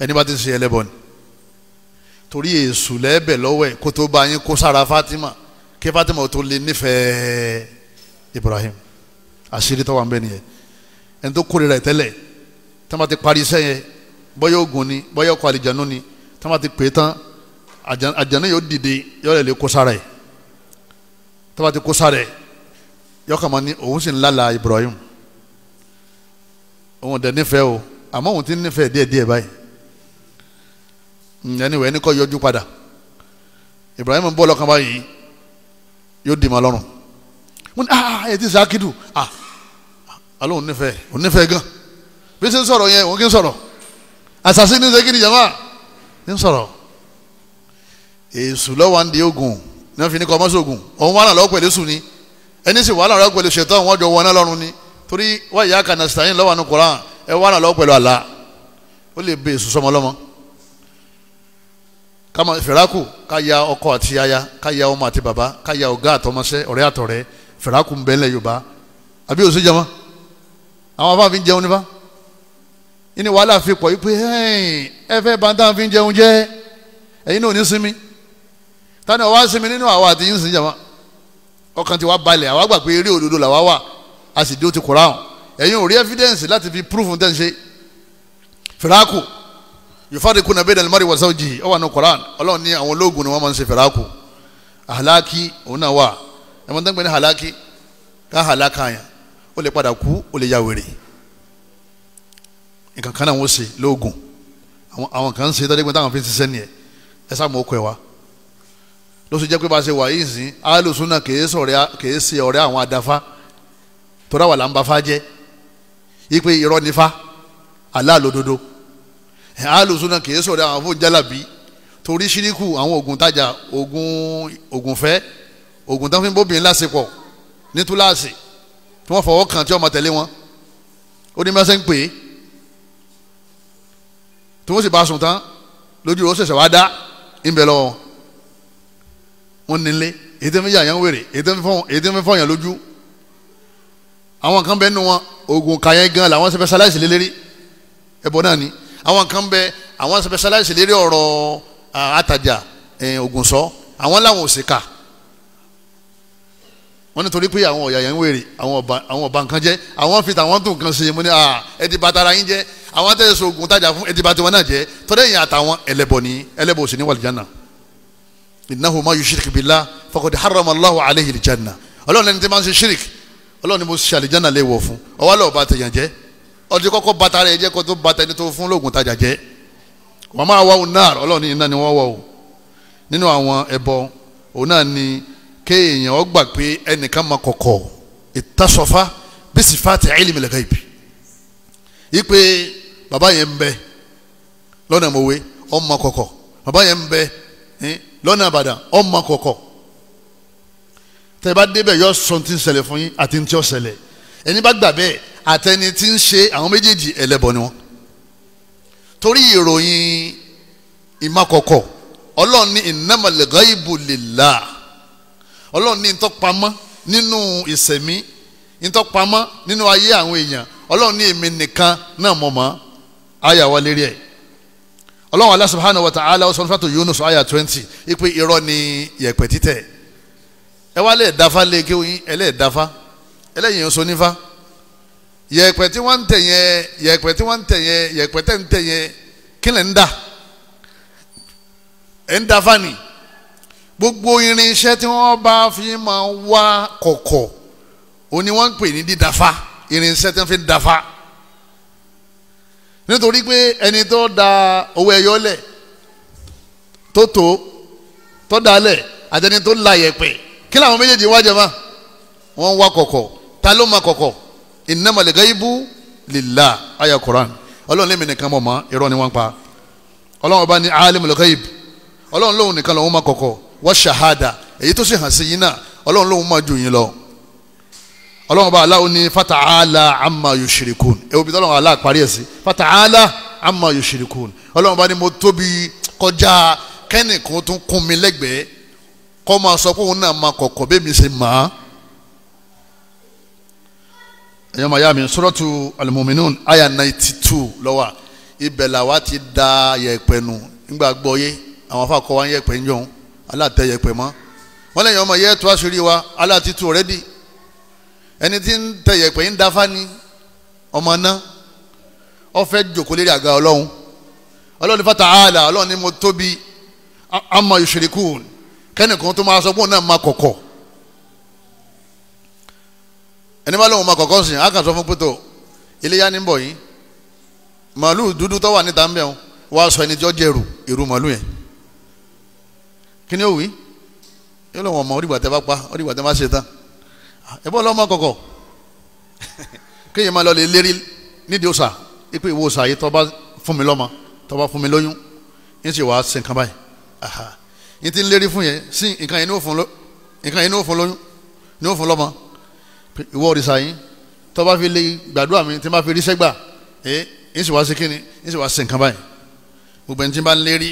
ẹni bá ti ń ṣe ẹlẹbọ ni torí èṣù lẹ́ẹ̀bẹ̀ lọ́wọ́ ẹ̀ kó tó bá yín kó sára Fatima kí Fatima ó tó lè nífẹ̀ẹ́ Ibrahim àṣírí tó wà ń bẹ nìyẹn ẹni tó kórira ẹ̀ tẹ́lẹ̀ tí wọ́n bá ti parí iṣẹ́ yẹn bọ́yá ogun ni bọ́yá ọkọ̀ àlìjánu ni tí wọ́n bá ti pè é tán àjànú yóò dìde yóò lè kó sára ẹ̀ tí ti kó sára ẹ̀ yóò kàn máa òun sì ń lálàá Ibrahim òun ò dẹ̀ nífẹ̀ẹ́ o àmọ́ òun ti nífẹ̀ẹ́ díẹ̀díẹ̀ báyìí anyway ẹni kọ́ yọjú padà Ibrahim ń bọ̀ lọ́kàn báyìí yóò dì mà lọ́rùn wọ́n ní ah, ah ẹ ti sá kídù ah alo onífẹ́ onífẹ́ gan bí ṣe ń sọ̀rọ̀ yẹn òun kì í sọ̀rọ̀ àṣàṣì ní sẹ́kìrì jama ní sọ̀rọ̀ èsù lọ́wọ́ à ń di ogun náà fi ní kọ́ ọmọṣẹ́ ogun òun wà lọ́wọ́ pẹ̀lú sùn ni ẹni sì wà lọ́wọ́ pẹ̀lú ṣètọ́ wọn jọ wọn náà lọ́rùn ni torí wáyà kànáà sàyìn lọ́wọ́ àánú Kùránì ẹ wà lọ́wọ́ pẹ̀lú àlá ó lè bẹ èsù sọmọ lọ́mọ Kama máa fìràkù ká ya ọkọ àti aya ká ya ọmọ àti bàbá ká ya ọ̀gá àtọmọṣẹ́ ọ̀rẹ́ àtọ̀rẹ́ fìràkù ń bẹ́lẹ̀ yorùbá àbí òsì jẹun àwọn afáàfin ń jẹun nípa ìní wàhálà fi pọ̀ yìí pé ẹ fẹ́ bàtà fi ń jẹun jẹ́ ẹ̀yin náà ní sinmi tani ọwọ́ sinmi nínú àwa àti yín sìn jẹun ọkàn ti wá balẹ̀ àwa gbà pé eré òdodo làwa wà a sì dé o ti kóra hàn ẹ̀yin ò rí evidence láti fi proof tẹ̀ ń ṣe fìràkù yufarriquna bayna al-mar'i wa zawjihi ó wà ní Qur'an ọlọ́run ní àwọn ológun ni wọ́n máa ń ṣe fẹ̀ráàkù àhàlákì òun náà wà ẹ̀ mọ́tò ń gbé ní àhàlákì ká àhàlákà yẹn ó lè padà kú ó lè ya wèrè nǹkan kan náà wọ́n ṣe lóògùn àwọn kan ń ṣe táwọn fi ń ṣiṣẹ́ nìyẹn ẹ sá mọ́ ọkọ̀ ẹ̀ wá ló sì jẹ́ pé bá a ṣe wà yìí sìn alùsùn náà kì ọ̀rẹ́ àwọn àdáfá tọ́ra wà là fa jẹ́ yí pé irọ́ nífa aláàlódodo alùsùnà kì í sọ̀rọ̀ àwọn fún jálàbí torí ṣíríkù àwọn oògùn tajà oògùn oògùn fẹ́ oògùn tó ń fi bóbìnrin lásìkò ní túláàsì tí wọ́n fọwọ́ kàn tí ọmọ tẹ̀lé wọn ó ní mẹ́sẹ̀ ń pè é tí wọ́n sì bá sùn tán lójú ó ṣẹ̀ṣẹ̀ wá dá ìbẹ̀ lọ́wọ́ wọn nílé èyí tó ń fi yà wèrè èyí tó ń fi fọyàn lójú àwọn kan bẹ́ẹ̀ nu wọn oògùn kàyẹn gan làwọn ṣe fẹ́ sáláìsì lélẹ́rí ẹ̀bọ náà ni àwọn kan bẹ àwọn specialize lérí ọ̀rọ̀ àtàjà ògùn sọ àwọn làwọn ò sì kà wọ́n nítorí pé àwọn ọ̀yà yẹn ń wèrè àwọn ọba nǹkan jẹ́ àwọn fi tàwọn tún nǹkan ṣe mo ní à ẹdí bá tara yín jẹ́ àwọn tẹ̀sí sògùn tajà fún ẹdí bá tiwọn náà jẹ́ tọ́lẹ̀ yẹn àtàwọn ẹlẹ́bọ ní ẹlẹ́bọ òsì ní wàlìjánà innahu ma yushrik billah faqad harrama Allahu alayhi aljanna ọlọ́run ẹni tí máa ń ṣe ṣírìkì ọlọ́run ni mo ṣe àlìjánà léèwọ̀ fún ọwọ́ lọ́ọ̀ bá tẹ̀yàn jẹ́ ọtí kọ́kọ́ bàtà rẹ̀ jẹ́ kó tó bàtà ẹni tó fún lóògùn tajà jẹ́ wọ́n máa wá onáàr ọlọ́ọ̀ni iná ni wọ́n wọ̀ o nínú àwọn ẹbọ òun náà ni kéèyàn ó gbà pé ẹnìkan máa kọ̀kọ̀ ìtasọ̀fá bí sifáàtì ilmi al-ghayb ipe bàbá yẹn ń bẹ lọ́nà mọ̀wé ọmọ kọ̀kọ̀ bàbá yẹn ń bẹ lọ́nà àbàdàn ọmọ kọ̀kọ̀ tẹ́ bá débẹ̀ yọ sọ ti ń ṣẹlẹ̀ fún yín àti ti ń ṣẹlẹ̀ ẹni bá gbà bẹ́ẹ̀ àtẹni tí ń ṣe àwọn méjèèjì ẹlẹ́bọ ni wọn torí ìròyìn ìmọ̀kọ̀kọ̀ ọlọ́run ní innamal ghaibu lillah ọlọ́run ní ìtọ́pamọ́ nínú ìsẹ̀mí ìtọ́pamọ́ nínú ayé àwọn èèyàn ọlọ́run ní èmi nìkan náà mọ̀ mọ́ àyà wa lérí ẹ̀ ọlọ́run Allah subhanahu wa ta'ala ọ̀sán fàtó Yunus àyà twenty ipe irọ́ ni yẹ̀pẹ̀ títẹ̀ ẹ wá lẹ́ẹ̀dáfá lé kéwìn ẹ ẹlẹ́yìn oṣù nífà yẹ̀pẹ̀ tí wọ́n ń tẹ̀ yẹn yẹ̀pẹ̀ tí wọ́n ń tẹ̀ fani gbogbo irinṣẹ́ tí wọ́n bá fi máa wá kọ̀kọ̀ òní wọ́n ń pè ní dídáfá irinṣẹ́ tí wọ́n fi ń nítorí pé ẹni tó da owó ẹyọ lẹ̀ tó tó tó da lẹ̀ àtẹni tó la yẹ̀pẹ̀ kí làwọn méjèèjì wá jẹ mọ́ wá kọ̀kọ̀ ta ló ma kọ̀kọ̀ innamal ghaibu lillah aya Quran ọlọ́run lèmi nìkan mọ̀ mọ́ irọ́ ni wọ́n pa ọlọ́run ọba ní alimul ghaib ọlọ́run lòun nìkan lòun máa kọ̀kọ̀ wa shahada èyí tó sì hàn sí yín náà ọlọ́run lòun máa jù yín lọ ọlọ́run ọba aláwo ní fata'ala amma yushrikun ewu bíi ọlọ́run aláà parí ẹ̀ sí fata'ala amma yushrikun ọlọ́run ọba ní mo tóbi kọjá kẹ́nìkan tún kún mi lẹ́gbẹ̀ẹ́ kọ́ máa sọ pé òun náà máa kọ̀kọ̀ bẹ́ẹ̀ mi ṣe máa ẹ̀yọ́ màá mi suratu al-mu'minun aya ninety two lọ́wọ́ ibẹ̀ là wá ti da yẹ̀pẹ̀ nù nígbà gbọ́ yé àwọn afa kọ́ wa yẹ̀pẹ̀ ń jọun aláàtẹ yẹ̀pẹ̀ mọ́ wọ́n lẹ́yìn ọmọ yẹ́ tó aṣorí wa aláàtìtù already ẹni tí ń tẹ yẹ̀pẹ̀ ń dáfá ni ọmọ náà ó fẹ́ jókòó lérí àga ọlọ́run ọlọ́run ní fata àlà ọlọ́run ní mo tóbi àmọ́ yushrikun kẹ́nìkan tó máa sọ ẹni bá lóun ma kọ̀kọ́ sìn á kàn sọ fún pétó iléyà ní bọ̀ yìí màálù dúdú tó wà níta ń bẹ̀ wọ́n aṣọ ẹni tí ó jẹ́ èrú èrú màálù yẹn kí ni ó wí yóò lọ́wọ́ ọmọ orígbà tẹ́ bá pa orígbà tẹ́ bá ṣe tán ẹ bọ́ lọ́mọ kọ̀kọ̀ kéèyàn máa lọ lè lérí nídìí òòsà ipò ìwò òòsà yìí tó bá fún mi lọ́mọ tó bá fún mi lóyún yín sì wàá ṣe nǹkan báyìí yín ti ń lérí fún yẹn sí nǹkan yẹn ní ó ìwọ òrìṣà yín tó bá fi lè gbàdúrà mi tí n bá fi ríṣẹ́ gbà ẹ ń sì wá sí kíni ń sì wá sí nǹkan báyìí gbogbo ẹni tí n bá ń lérí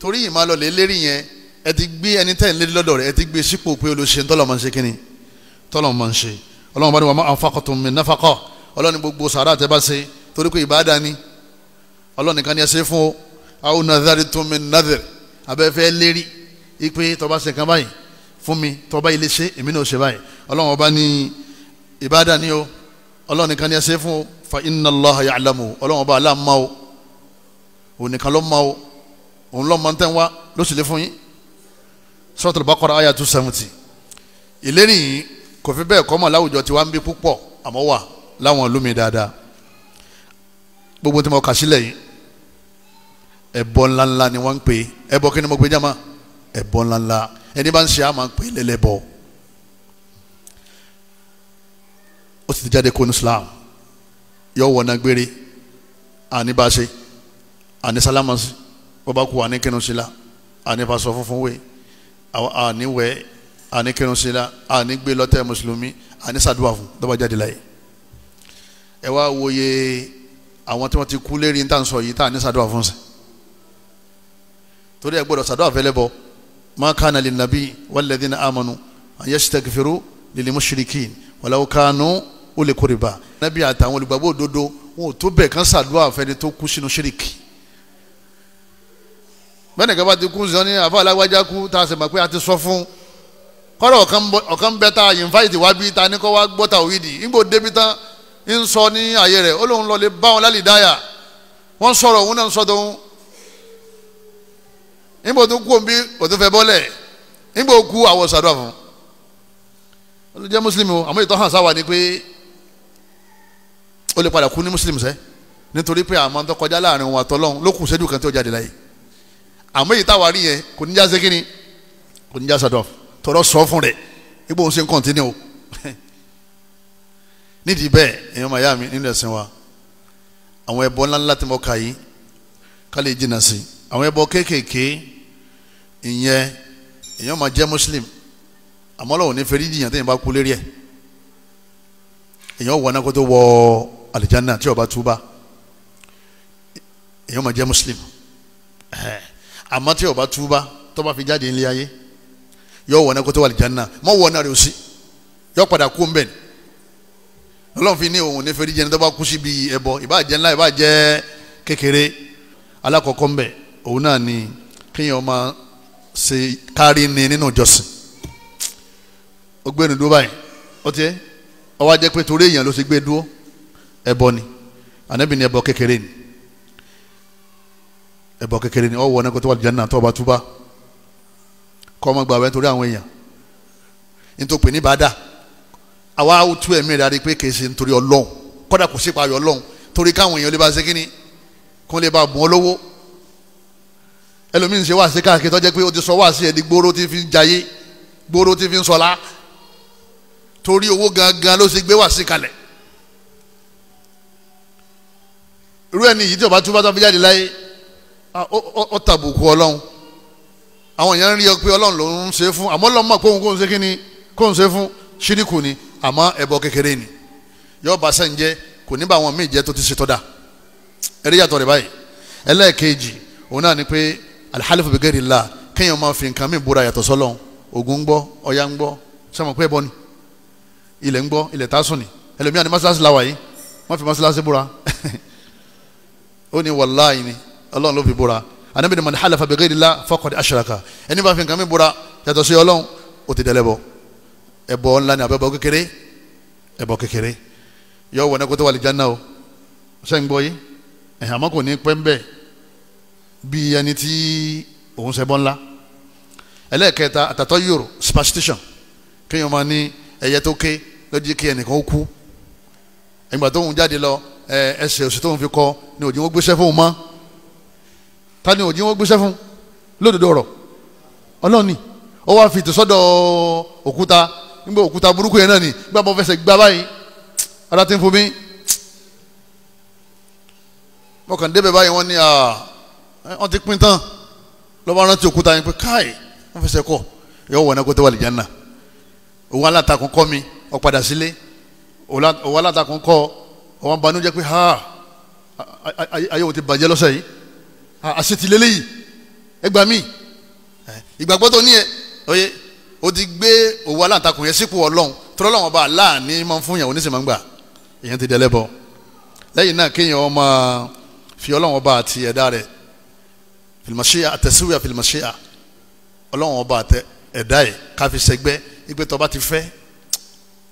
torí yìí máa lọ lè lérí yẹn ẹ ti gbé ẹni tẹ́ ń lérí lọ́dọ̀ rẹ̀ ẹ ti gbé sípò pé olóṣè tọ́lọ̀ máa ń ṣe kíni tọ́lọ̀ máa ń ṣe ọlọ́run bá ní wa ma anfaqtum min nafaqa ọlọ́run gbogbo sàrà tẹ́ bá ṣe torí pé ìbáadá ni ọlọ́run nìkan ni ẹ ṣe fún o aw nadhartum min nadhr abẹ́fẹ́ lérí ipe tó bá ṣe kan báyìí fún ọlọ́run ọba ní ìbádà ni o ọlọ́run nìkan ni ẹ ṣe fún o fa inna Allaha ya'lamu ọlọ́run ọba aláàmá o òun nìkan ló má o òun ló mọ ń tẹ́ ń wá ló sì lé fún yín Suratul Baqara àyà two seventy ìlérí yìí kò fi bẹ́ẹ̀ kọ́ mọ̀ láwùjọ tiwa ń bí púpọ̀ àmọ́ wà láwọn ìlú mi dáadáa gbogbo tí mo kà sílẹ̀ yìí ẹbọ ńláńlá ni wọ́n ń pè ẹbọ kí ni mo gbé jàmá ẹbọ ńláńlá ẹni bá ń ṣe àmà ń pè lẹ́lẹ́bọ̀ọ́ ó sì ti jáde kó ní Islam yọ wọ̀ náà gbére àní bá ṣe àní sálámà sí bọ́bá kú àní kírun sí la àní fasọ funfun wé àní wẹ̀ àní kírun sí la àní gbé lọ́tẹ̀ mùsùlùmí àní sàdúrà fún dọ́bà jáde láyé ẹ wá wòye àwọn tí wọ́n ti kú lérí níta sọ yìí tá àní fún sí torí ẹ gbọ́dọ̀ sàdúrà fẹ́lẹ́ bọ́ ma kana lin nabi wal ladhina amanu an yastaghfiru lil mushrikin walau ó lè kó rìbá nábì àtàwọn olùgbàgbọ́ òdodo wọn ò tó bẹ́ẹ̀ kán ṣàdúrà fẹ́ni tó kú sínú ṣíríkì bẹ́ẹ̀ nìkan bá ti kú sọ ní àfa alágbájá kú tá a sì mọ̀ pé a ti sọ fún kọ́rọ̀ ọ̀kan bẹ́ẹ̀ ta yìnfáìtì wá bí ta ní kọ́ wá gbọ́ta òwìdì ńgbò débi tán ń sọ ní àyè rẹ̀ ó lóun lọ lè lálìdáyà wọ́n sọ̀rọ̀ òun náà ń sọ tóun ńgbò tó kú òun bí òtún fẹ́ bọ́lẹ̀ ńgbò kú àwọ̀ sàdúrà fún olùjẹ́ mùsùlùmí o àmọ́ ìtọ́hàn sáwà ni pé ó lè padà kú ní muslim sẹ́ nítorí pé àmọ́ tó kọjá láàrin òun àtọ́lọ́hún ló kù sẹ́dù kan tó jáde láyé àmọ́ èyí táwa rí yẹn kò ní já sékìní kò ní já sọ̀tọ̀ tọrọ sọ fún rẹ̀ ibo òun ṣe ń kọ̀ntínú o nídìí bẹ́ẹ̀ èèyàn máa yá mi nínú ẹ̀sìn wa àwọn ẹbọ ńláńlá tí mo kà yìí ká lè jìnnà sí àwọn ẹbọ kéékèèké ìyẹn èèyàn máa jẹ́ muslim àmọ́ lọ́wọ́ ní fẹ́rí jìyàn téèyàn bá kú lérí ẹ̀ èèyàn wọ alijanna tí ó bá túbá èyàn máa jẹ́ muslim àmọ́ tí ó bá túbá tó bá fi jáde nílé ayé yọ wọ̀ náà kó tó wà alijanna mọ́ wọ̀ náà rẹ̀ ó sí yọ padà kú mbẹ́ ọlọ́run fi ní òun ní fẹ́rí jẹni tó bá kú síbi ẹbọ ìbá jẹ́ ńlá ìbá jẹ́ kékeré alákọ̀ọ́kọ́ mbẹ́ òun náà ni kéèyàn máa ṣe kárí ni nínú ìjọsìn ó gbé nu dúró báyìí ó tiẹ̀ ó wá pé torí èèyàn ló ti gbé e dúró ẹbọ ni anabi ni ẹbọ kékeré ni ẹbọ kékeré ni ọwọ nẹkọtọ wà lìjánná tọba túbá kọ ọmọ gbàwé torí àwọn èèyàn ntòpè ní bàdà àwa tú ẹ̀mí rẹ̀ àti pé kì í ṣe nítorí ọlọ́run kọ́dà kò sí ìpayọ̀ ọlọ́run torí káwọn èèyàn ni kó lè bá bùn ọ́ lówó ẹlòmíín ṣe wá sí káàkiri tó jẹ́ pé ó ti sọ wá sí ẹni gbóró tí fi ń jayé gbóró tí fi ń sọlá torí owó gangan ló ṣe gbé wá sí kalẹ̀ irú ẹni yìí tí ọba túbọ̀ tó fi jáde láyé ó tàbùkù ọlọ́run àwọn èèyàn ń rí ọ pé ọlọ́run ló ń ṣe fún àmọ́ ọlọ́run mọ̀ pé ṣe kí ni kò ń ṣe fún ṣíríkù ni àmọ́ ẹ̀bọ kékeré ni yóò bá sẹ́yìn jẹ́ kò ní bá àwọn míì jẹ́ tó ti ṣe tọ́da eré yàtọ̀ rẹ̀ báyìí ẹlẹ́ẹ̀kejì òun náà ni pé alihalifu bi la kéèyàn máa fi nǹkan mi búra yàtọ̀ sọ́lọ́run Ògún ń gbọ́ Ọya ń gbọ́ sọ́mọ pé ẹbọ ni ilẹ̀ gbọ́ ilẹ̀ tásùn ni ẹlòmíràn ni mọ́sálásí làwà yìí wọ́n fi mọ́sálásí búra ó ní wàláyé ni ọlọ́run ló fi búra anabi ni man halafa bi ghayri Allah faqad ashraka ẹni bá fi nǹkan mi búra yàtọ̀ sí ọlọ́run ó ti dẹlẹ́bọ ẹbọ ńlá ni àbẹ̀bọ kékeré ẹbọ kékeré yọ wọ̀ ní kótó wà lìjánná o sẹ́yìn gbọ́ yé ẹ̀hìn àmọ́ kò ní pẹ́ ń bẹ̀ bí ẹni tí òun ṣẹbọ ńlá ẹlẹ́ẹ̀kẹta àtàtọ́ yòrò superstition kéèyàn máa ní ẹyẹ tó ké lọ́jọ́ kí ẹnìkan ó kú ẹgbà tóun jáde lọ ẹsẹ̀ òsì tóun fi kọ ni òjì wọn gbéṣẹ́ fún un mọ́ ta ni òjì wọn gbéṣẹ́ fún lódodo ọ̀rọ̀ ọlọ́ọ̀ni ó wá fi ìtòsọ́dọ̀ òkúta nígbà òkúta burúkú yẹn náà ni nígbà bọ́ fẹsẹ̀ gbá báyìí ara ti ń fún mi mọ̀kàn débẹ̀ báyìí wọ́n ní wọ́n ti pín tán lọ́wọ́ rántí òkúta yẹn pé káì wọ́n fẹsẹ̀ kọ̀ yọ wọ̀ náà kó tẹ́ wà lìjánà òun alátakùn kọ́ mi ó padà sílé òun alátakùn kọ́ ọ ọwọ́n banú jẹ́ pé ha ayé wo ti bàjẹ́ lọ́sẹ̀ yìí àṣetìlélẹ́ yìí ẹgbà mí ìgbàgbọ́ tó ní ẹ oye o ti gbé òwò aláǹtakùn yẹn sípò ọlọ́run tọ́lọ́ lọ́wọ́n bá láàánú máa ń fún yàn oníṣẹ́ máa ń gbà èèyàn ti dẹlẹ́bọ lẹ́yìn náà kéèyàn ọmọ fi ọlọ́run ọba àti ẹ̀dá rẹ̀ fìlìmọ̀ṣíà àtẹ̀síwìà fìlìmọ̀ṣíà ọlọ́run ọba àtẹ ẹ̀dá ẹ̀ káfi sẹgbẹ́ ìgbé tó bá ti fẹ́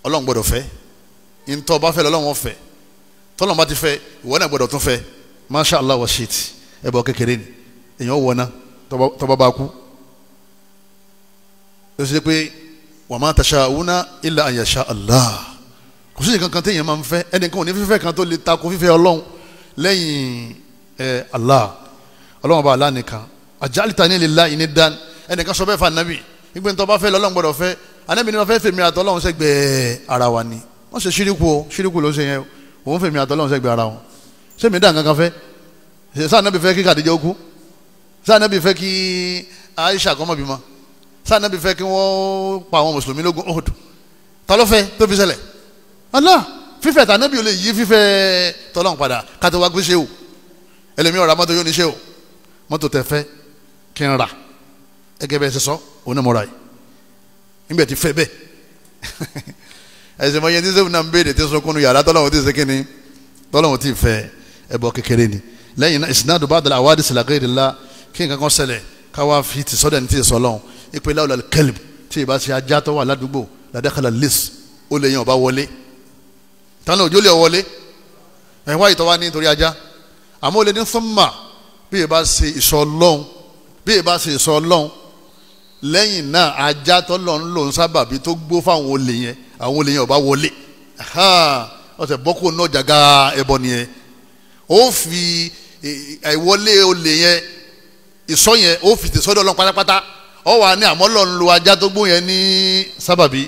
ọlọ́run gbọ́dọ̀ fẹ́ ìntọ́ bá fẹ́ lọ́lọ́run ọ̀fẹ́ tọ́lọ́n bá ti fẹ́ ìwọ náà gbọ́dọ̀ tún fẹ́ masha allah wa shit ẹ bọ kékeré ni èèyàn wọ ná tọ́ba bá kú ó sì pé wa ma tashauna illa an yasha allah kò sí nǹkan kan téèyàn máa ń fẹ́ ẹnìkan ò ní fífẹ́ kan tó lè takò fífẹ́ ọlọ́run lẹ́yìn ẹ allah ọlọ́run bá allah nìkan àjálìta ní lílá ìní dán ẹnìkan sọ bẹ́ẹ̀ fún anabi nígbà tó bá fẹ́ lọ́lọ́run gbọ́dọ̀ fẹ́ anabi ni fẹ́ fèmí àtọ́lọ́run sẹ́gbẹ̀ẹ́ ara wa ni wọ́n ṣe ṣíríkù ṣíríkù ló ṣe yẹn o òun fèmí àtọ́lọ́hún sẹ́gbẹ̀ ara wọn ṣé mi dà kankan fẹ́ sáà nàbì fẹ́ kí kàdíjà okú sáà nàbì fẹ́ kí Aisha kọ́mọ bímọ sáà nàbì fẹ́ kí wọ́n pa àwọn mùsùlùmí lógun Uhud tọ́lọ́fẹ́ tó fi ṣẹlẹ̀ Allah fífẹ́ tànàbì ò lè yí fífẹ́ tọ́lọ́hún padà kátó wá gbé ṣe o ẹlẹ́mi ọ̀rá mọ́tò yóò ní ṣe o mọ́tò tẹ fẹ́ kí n rà ẹgẹ́ bẹ́ẹ̀ ṣe sọ níbẹ̀ ti fẹ́ bẹ́ẹ̀ ẹ̀sìn mọ́ yẹn tí sẹ́wọ́n náà ń béèrè tí sunkún yàrá tọ́lọ́wọ́ ti ṣe kíni tọ́lọ́wọ́ ti fẹ́ ẹ̀bọ kékeré ni lẹ́yìn náà ìsìnàdù bá dàlà àwádìí sílàkè de la kí nǹkan kan ṣẹlẹ̀ káwá fi ti sọ́dẹ̀ ní ti sọ ìpè láwùlà kẹlẹ̀ tí ì ṣe ajá tó wà ládùúgbò làdákàlà lis ó lè yan ọba wọlé tánà òjò lè wọlé ẹ̀ wáyé tó wá ní torí ajá àmọ́ ó lè ní súnmà bí ì bá ṣe ìsọ lọ́hùn àwọn olè yẹn ọba wọlé ọsẹ bọ́kú náà jàgá ẹbọ nìyẹn ó fi àìwọlé olè yẹn ìsọ yẹn ó fi tẹ̀sọ́dọ̀ lọ pátápátá ọ wà ní àmọ́ lọ́n lo ajá tó gbó yẹn ní sábàbí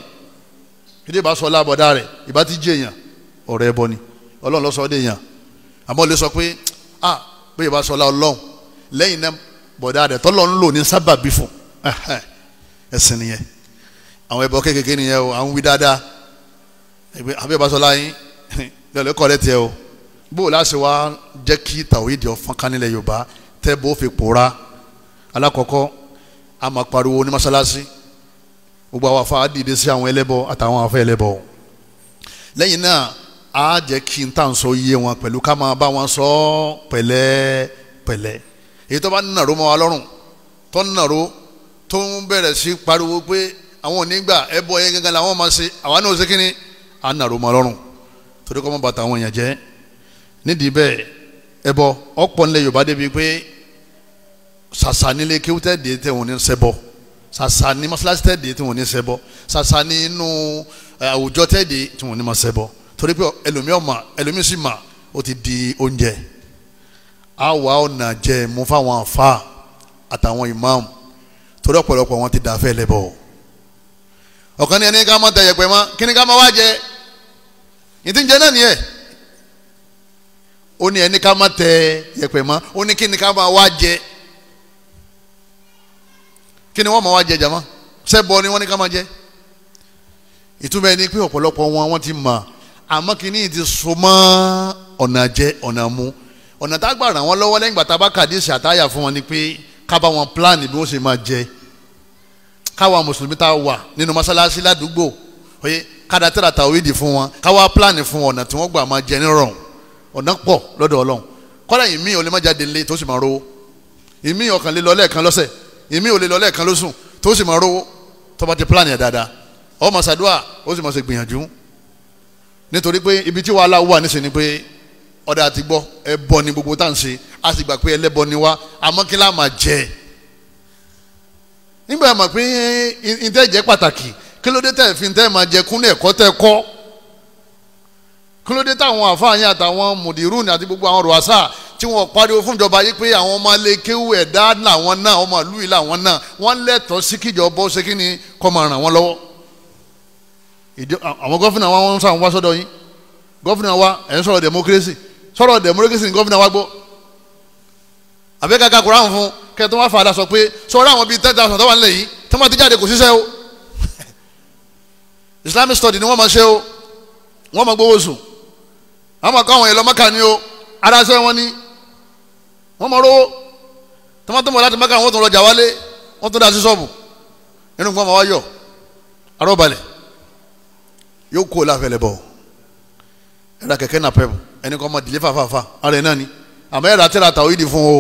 kíndé bá sọ lábọ̀dá rẹ̀ ìbá ti jẹ́ èèyàn ọ̀rọ̀ ẹbọ ni ọlọ́run ló sọ ọ́ dé sọ pé ah pé ìbá sọ lá ọlọ́run lẹ́yìn náà bọ̀dá rẹ̀ tọ́lọ́run lò ní sábàbí fún ẹ̀sìn nìyẹn àwọn ẹbọ kékeré nìyẹn o àwọn wí dáadáa ẹgbẹ abẹ́bàṣọlá yín lọ́lẹ́ kọ́lẹ́ tiẹ̀ o bó o láṣẹ wa jẹ́ kí tàwídìí ọ̀fọ́n kánilẹ̀ yorùbá tẹ́ bó fi pòórá alákọ̀ọ́kọ́ a ní mọ́ṣáláṣí gbogbo àwọn afa dìde sí àwọn ẹlẹ́bọ àtàwọn afẹ́ ẹlẹ́bọ lẹ́yìn náà a jẹ́ kí n tàn sọ iye wọn pẹ̀lú ká máa bá wọn sọ pẹ̀lẹ́ pẹ̀lẹ́ èyí tó bá nàró mọ́ wa lọ́rùn tó nàró tó ń bẹ̀rẹ̀ sí pariwo pé àwọn ò ní gbà ẹbọ yẹn gangan làwọn máa ṣe àwa náà ṣe kínní à ń nàró mọ lọ́rùn torí kọ́ mọ́ bàtà àwọn èèyàn jẹ́ nídìí bẹ́ẹ̀ ẹbọ ọ̀pọ̀ nílẹ̀ Yorùbá débi pé sàṣà nílé kéwútẹ́ dé tẹ̀ wọ́n ní ṣẹbọ sàṣà ní mọ́ṣáláṣí tẹ̀ dé tẹ̀ wọ́n ní ṣẹbọ sàṣà ní inú àwùjọ tẹ̀ dé tẹ̀ wọ́n ní máa torí pé ẹlòmíọ̀ mà ẹlòmíọ̀ sì mà ó ti di oúnjẹ àwa ọ̀nà jẹ mú fáwọn àfa àtàwọn ìmáàmù torí ọ̀pọ̀lọpọ̀ wọn ti dàáfẹ́ lẹ́bọ̀ọ́ ọ̀kan ní ẹni ká má tẹ̀yẹ̀ pẹ̀ mọ́ kí ni ká má wá jẹ ìdí ń jẹ náà nìyẹn ó ní ẹni ká má tẹ yẹ̀pẹ̀ mọ́ ó ní kí ni ká má wá jẹ kí ni wọ́n má wá jẹ jàmọ́ sẹ́bọ̀ ni wọ́n ní ká má jẹ ìtumọ̀ ẹni pé ọ̀pọ̀lọpọ̀ wọn wọ́n ti mọ̀ àmọ́ kí ni ti so mọ́ ọ̀nà jẹ ọ̀nà mu ọ̀nà tá a gbà ràn wọ́n lọ́wọ́ lẹ́yìn gbàtà bá kàdí ìṣàtáyà fún wọn ni pé ká bá wọn pílánì bí wọ́n ṣe máa jẹ káwa mùsùlùmí tá a wà nínú mọ́sálásí ládùúgbò oye káda tẹ́ra tàwídì fún wọn káwa pílánì fún ọ̀nà tí wọ́n gbà máa jẹ nírọ̀rùn ọ̀nà pọ̀ lọ́dọ̀ ọlọ́run kọ́lá ìmí ò lè má jáde lé tó sì máa rówó ìmí ọ̀kan lè lọ lẹ́ẹ̀kan lọ́sẹ̀ ìmí ò lè lọ lẹ́ẹ̀kan lóṣù tó sì máa rówó tó bá ti pílánì ẹ̀ dáadáa ó máa ṣàdúrà ó sì máa ṣe gbìyànjú nítorí pé ibi tí wàhálà wà níṣẹ́ ni pé ọ̀dà àti gbọ́ ẹbọ ni gbogbo tá à ń ṣe a sì gbà pé ẹlẹ́bọ ni wá àmọ́ máa jẹ́ ẹ̀ nígbà mà pé eh, ntẹ́ jẹ́ pàtàkì kí ló dé tẹ̀ fi ntẹ́ máa jẹ kúnlẹ̀ ẹ̀kọ́ tẹ́ kọ́ kí ló dé táwọn àfáàyàn àtàwọn mùdírùn àti gbogbo àwọn rọ̀ṣà tí wọ́n pariwo fúnjọba yìí pé àwọn ọmọ alẹ́ kéwù ẹ̀dá làwọn náà ọmọ ìlú yìí làwọn náà wọ́n lẹ́tọ̀ọ́ sí kíjọba ṣe kí ni kọ́ máa ràn wọ́n lọ́wọ́ àwọn gọ́fìnà wa wọ́n sàn wá sọ́dọ̀ yín gọ́fìnà wa ẹ̀ ń sọ̀rọ̀ democracy àbẹ́ kàkà kuran fún kẹ́ tó wá sọ pé sọ̀rọ̀ àwọn bíi ten thousand wà nílẹ̀ yìí tó jáde kò ṣiṣẹ́ o islamic study ni wọ́n máa ṣe o wọ́n máa gbowó sùn àwọn máa kọ́ àwọn èèyàn lọ mọ́kà ni o ara ṣẹ́ wọn ni wọ́n máa rówó tó máa tó mọ̀ láti mọ́kà wọ́n tún rọjà wálé wọ́n tún dá sí ṣọ́ọ̀bù nínú nǹkan máa wá yọ arọ́balẹ̀ yóò kó o láfẹ̀lẹ̀ bọ̀ ẹ̀rọ kẹ̀kẹ́ nà pẹ́ẹ́bù ẹnì kan máa dìlé fàfàfà ara ẹ̀ náà ni àmọ́ ẹ̀rọ àtẹ̀rẹ̀ àtàwọ̀ yìí di fún o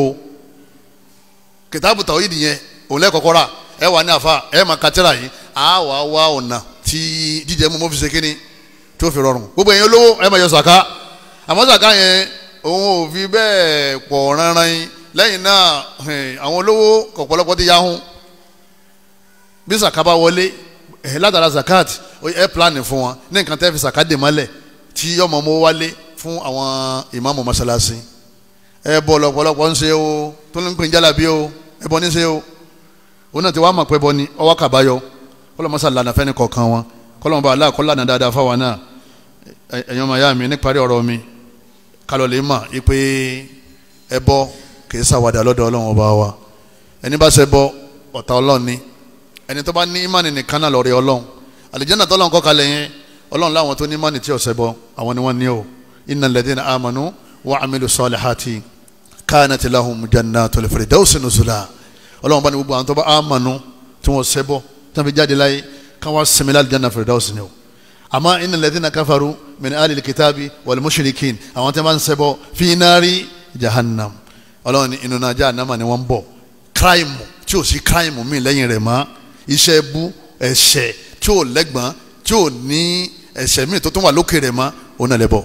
kìtàbù tàwí nìyẹn òun lẹ́kọ̀ọ́kọ́ rà ẹ wà ní àfa ẹ mà kàtẹ́rà yìí a wà wá ọ̀nà tí jíjẹ mú mọ́ fi ṣe kínní tó fi rọrùn gbogbo èèyàn lówó ẹ mà yọ sàká àmọ́ sàká yẹn òun ò fi bẹ́ẹ̀ pọ̀ ránran yín lẹ́yìn náà àwọn olówó ọ̀pọ̀lọpọ̀ ti yahun bí sàká bá wọlé ẹ látara zakat ẹ plan fún wọn ní nǹkan tẹ́ fi sàká dè mọ́lẹ̀ tí ọmọ mọ́ wálé fún àwọn ìmáàmù mọ́sálásí ẹ bọ̀ lọ́pọ̀lọpọ̀ ń ṣe o tó ń pín jálàbí o ẹbọ ní í ṣe o òun náà ti wá mọ̀ pé bọ́ ni ọwọ́ kàbáyọ kọlọ́mọsá lànà fẹ́ni kọ̀ọ̀kan wọn kọlọ́mọba aláàkọ́ lànà dáadáa fáwọn náà ẹ̀yàn ọmọ ìyá mi níparí ọ̀rọ̀ mi kálọ̀ lè mà í pé ẹbọ kì í ṣàwàdà lọ́dọ̀ ọlọ́run ọba wa ẹni bá ṣẹbọ ọ̀tá ọlọ́run ni ẹni tó bá ní ìmánì nìkan náà lọ́ọ̀rẹ́ ọlọ́run àlìjẹ́nà tọ́lọ́run kọ́ kalẹ̀ yẹn ọlọ́run láwọn tó ní ìmánì tí ó àwọn ni wọ́n ní o innal ladhina amanu wa amilu salihati kanat lahum jannatul firdaus nuzula ọlọ́run bá ní gbogbo àwọn tó bá amanu tí wọ́n ṣẹbọ tí wọ́n fi jáde láyé kí wọ́n sinmi láti janna firdaus ni o àmọ́ innal ladhina kafaru min alil kitabi wal mushrikin àwọn tí wọ́n bá ń ṣẹbọ fi nari jahannam ọlọ́run ní inú náà jahannama ni wọ́n bọ̀ crime tí ò sí crime mi lẹ́yìn rẹ̀ mọ́ iṣẹ́ bú ẹ̀ṣẹ̀ tí ò lẹ́gbọ̀n tí ò ní ẹ̀ṣẹ̀ mi tó tún wà lókè rẹ̀ mọ́ òun náà lẹ́bọ̀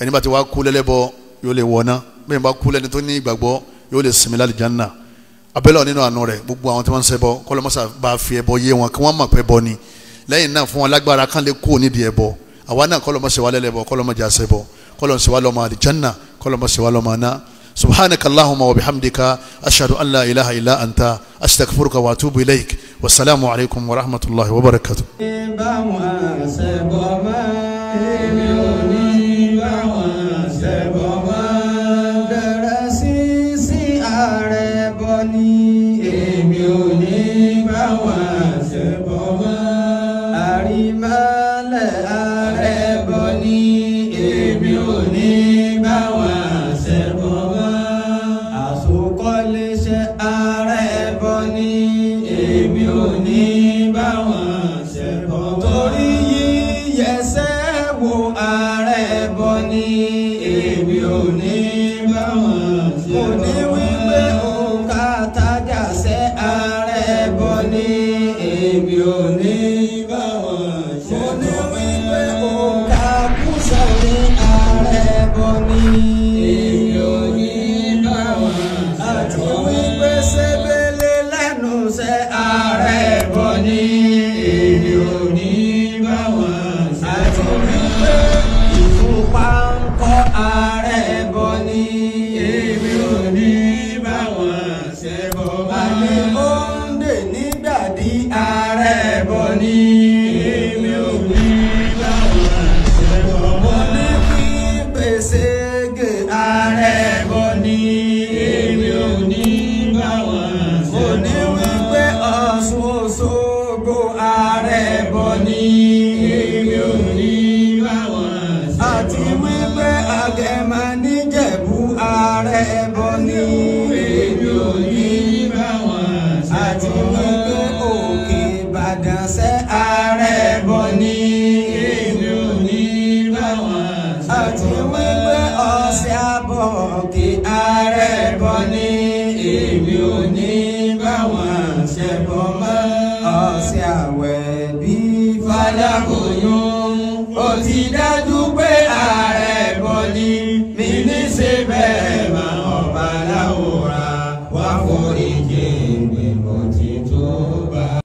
ẹni bá ti wá kú lẹ́lẹ́bọ̀ọ́ yóò lè wọ̀ náà bẹ́ẹ̀ bá kú lẹ́ni tó ní ìgbàgbọ́ yóò lè sinmi láti janna abẹ́lẹ̀ nínú àánú rẹ̀ gbogbo àwọn tí wọ́n ń ṣẹbọ kọ́lọ́mọ́sà bá fi ẹbọ yé wọn kí wọ́n mọ̀ pé bọ ni lẹ́yìn náà fún wọn lágbára kan lè kú nídìí ẹbọ àwa náà kọ́lọ́mọ́sà wà lẹ́lẹ́bọ kọ́lọ́mọ́jà ṣẹbọ kọ́lọ́mọ́sà wà lọ́mọ àdìjánná kọ́lọ́mọ́sà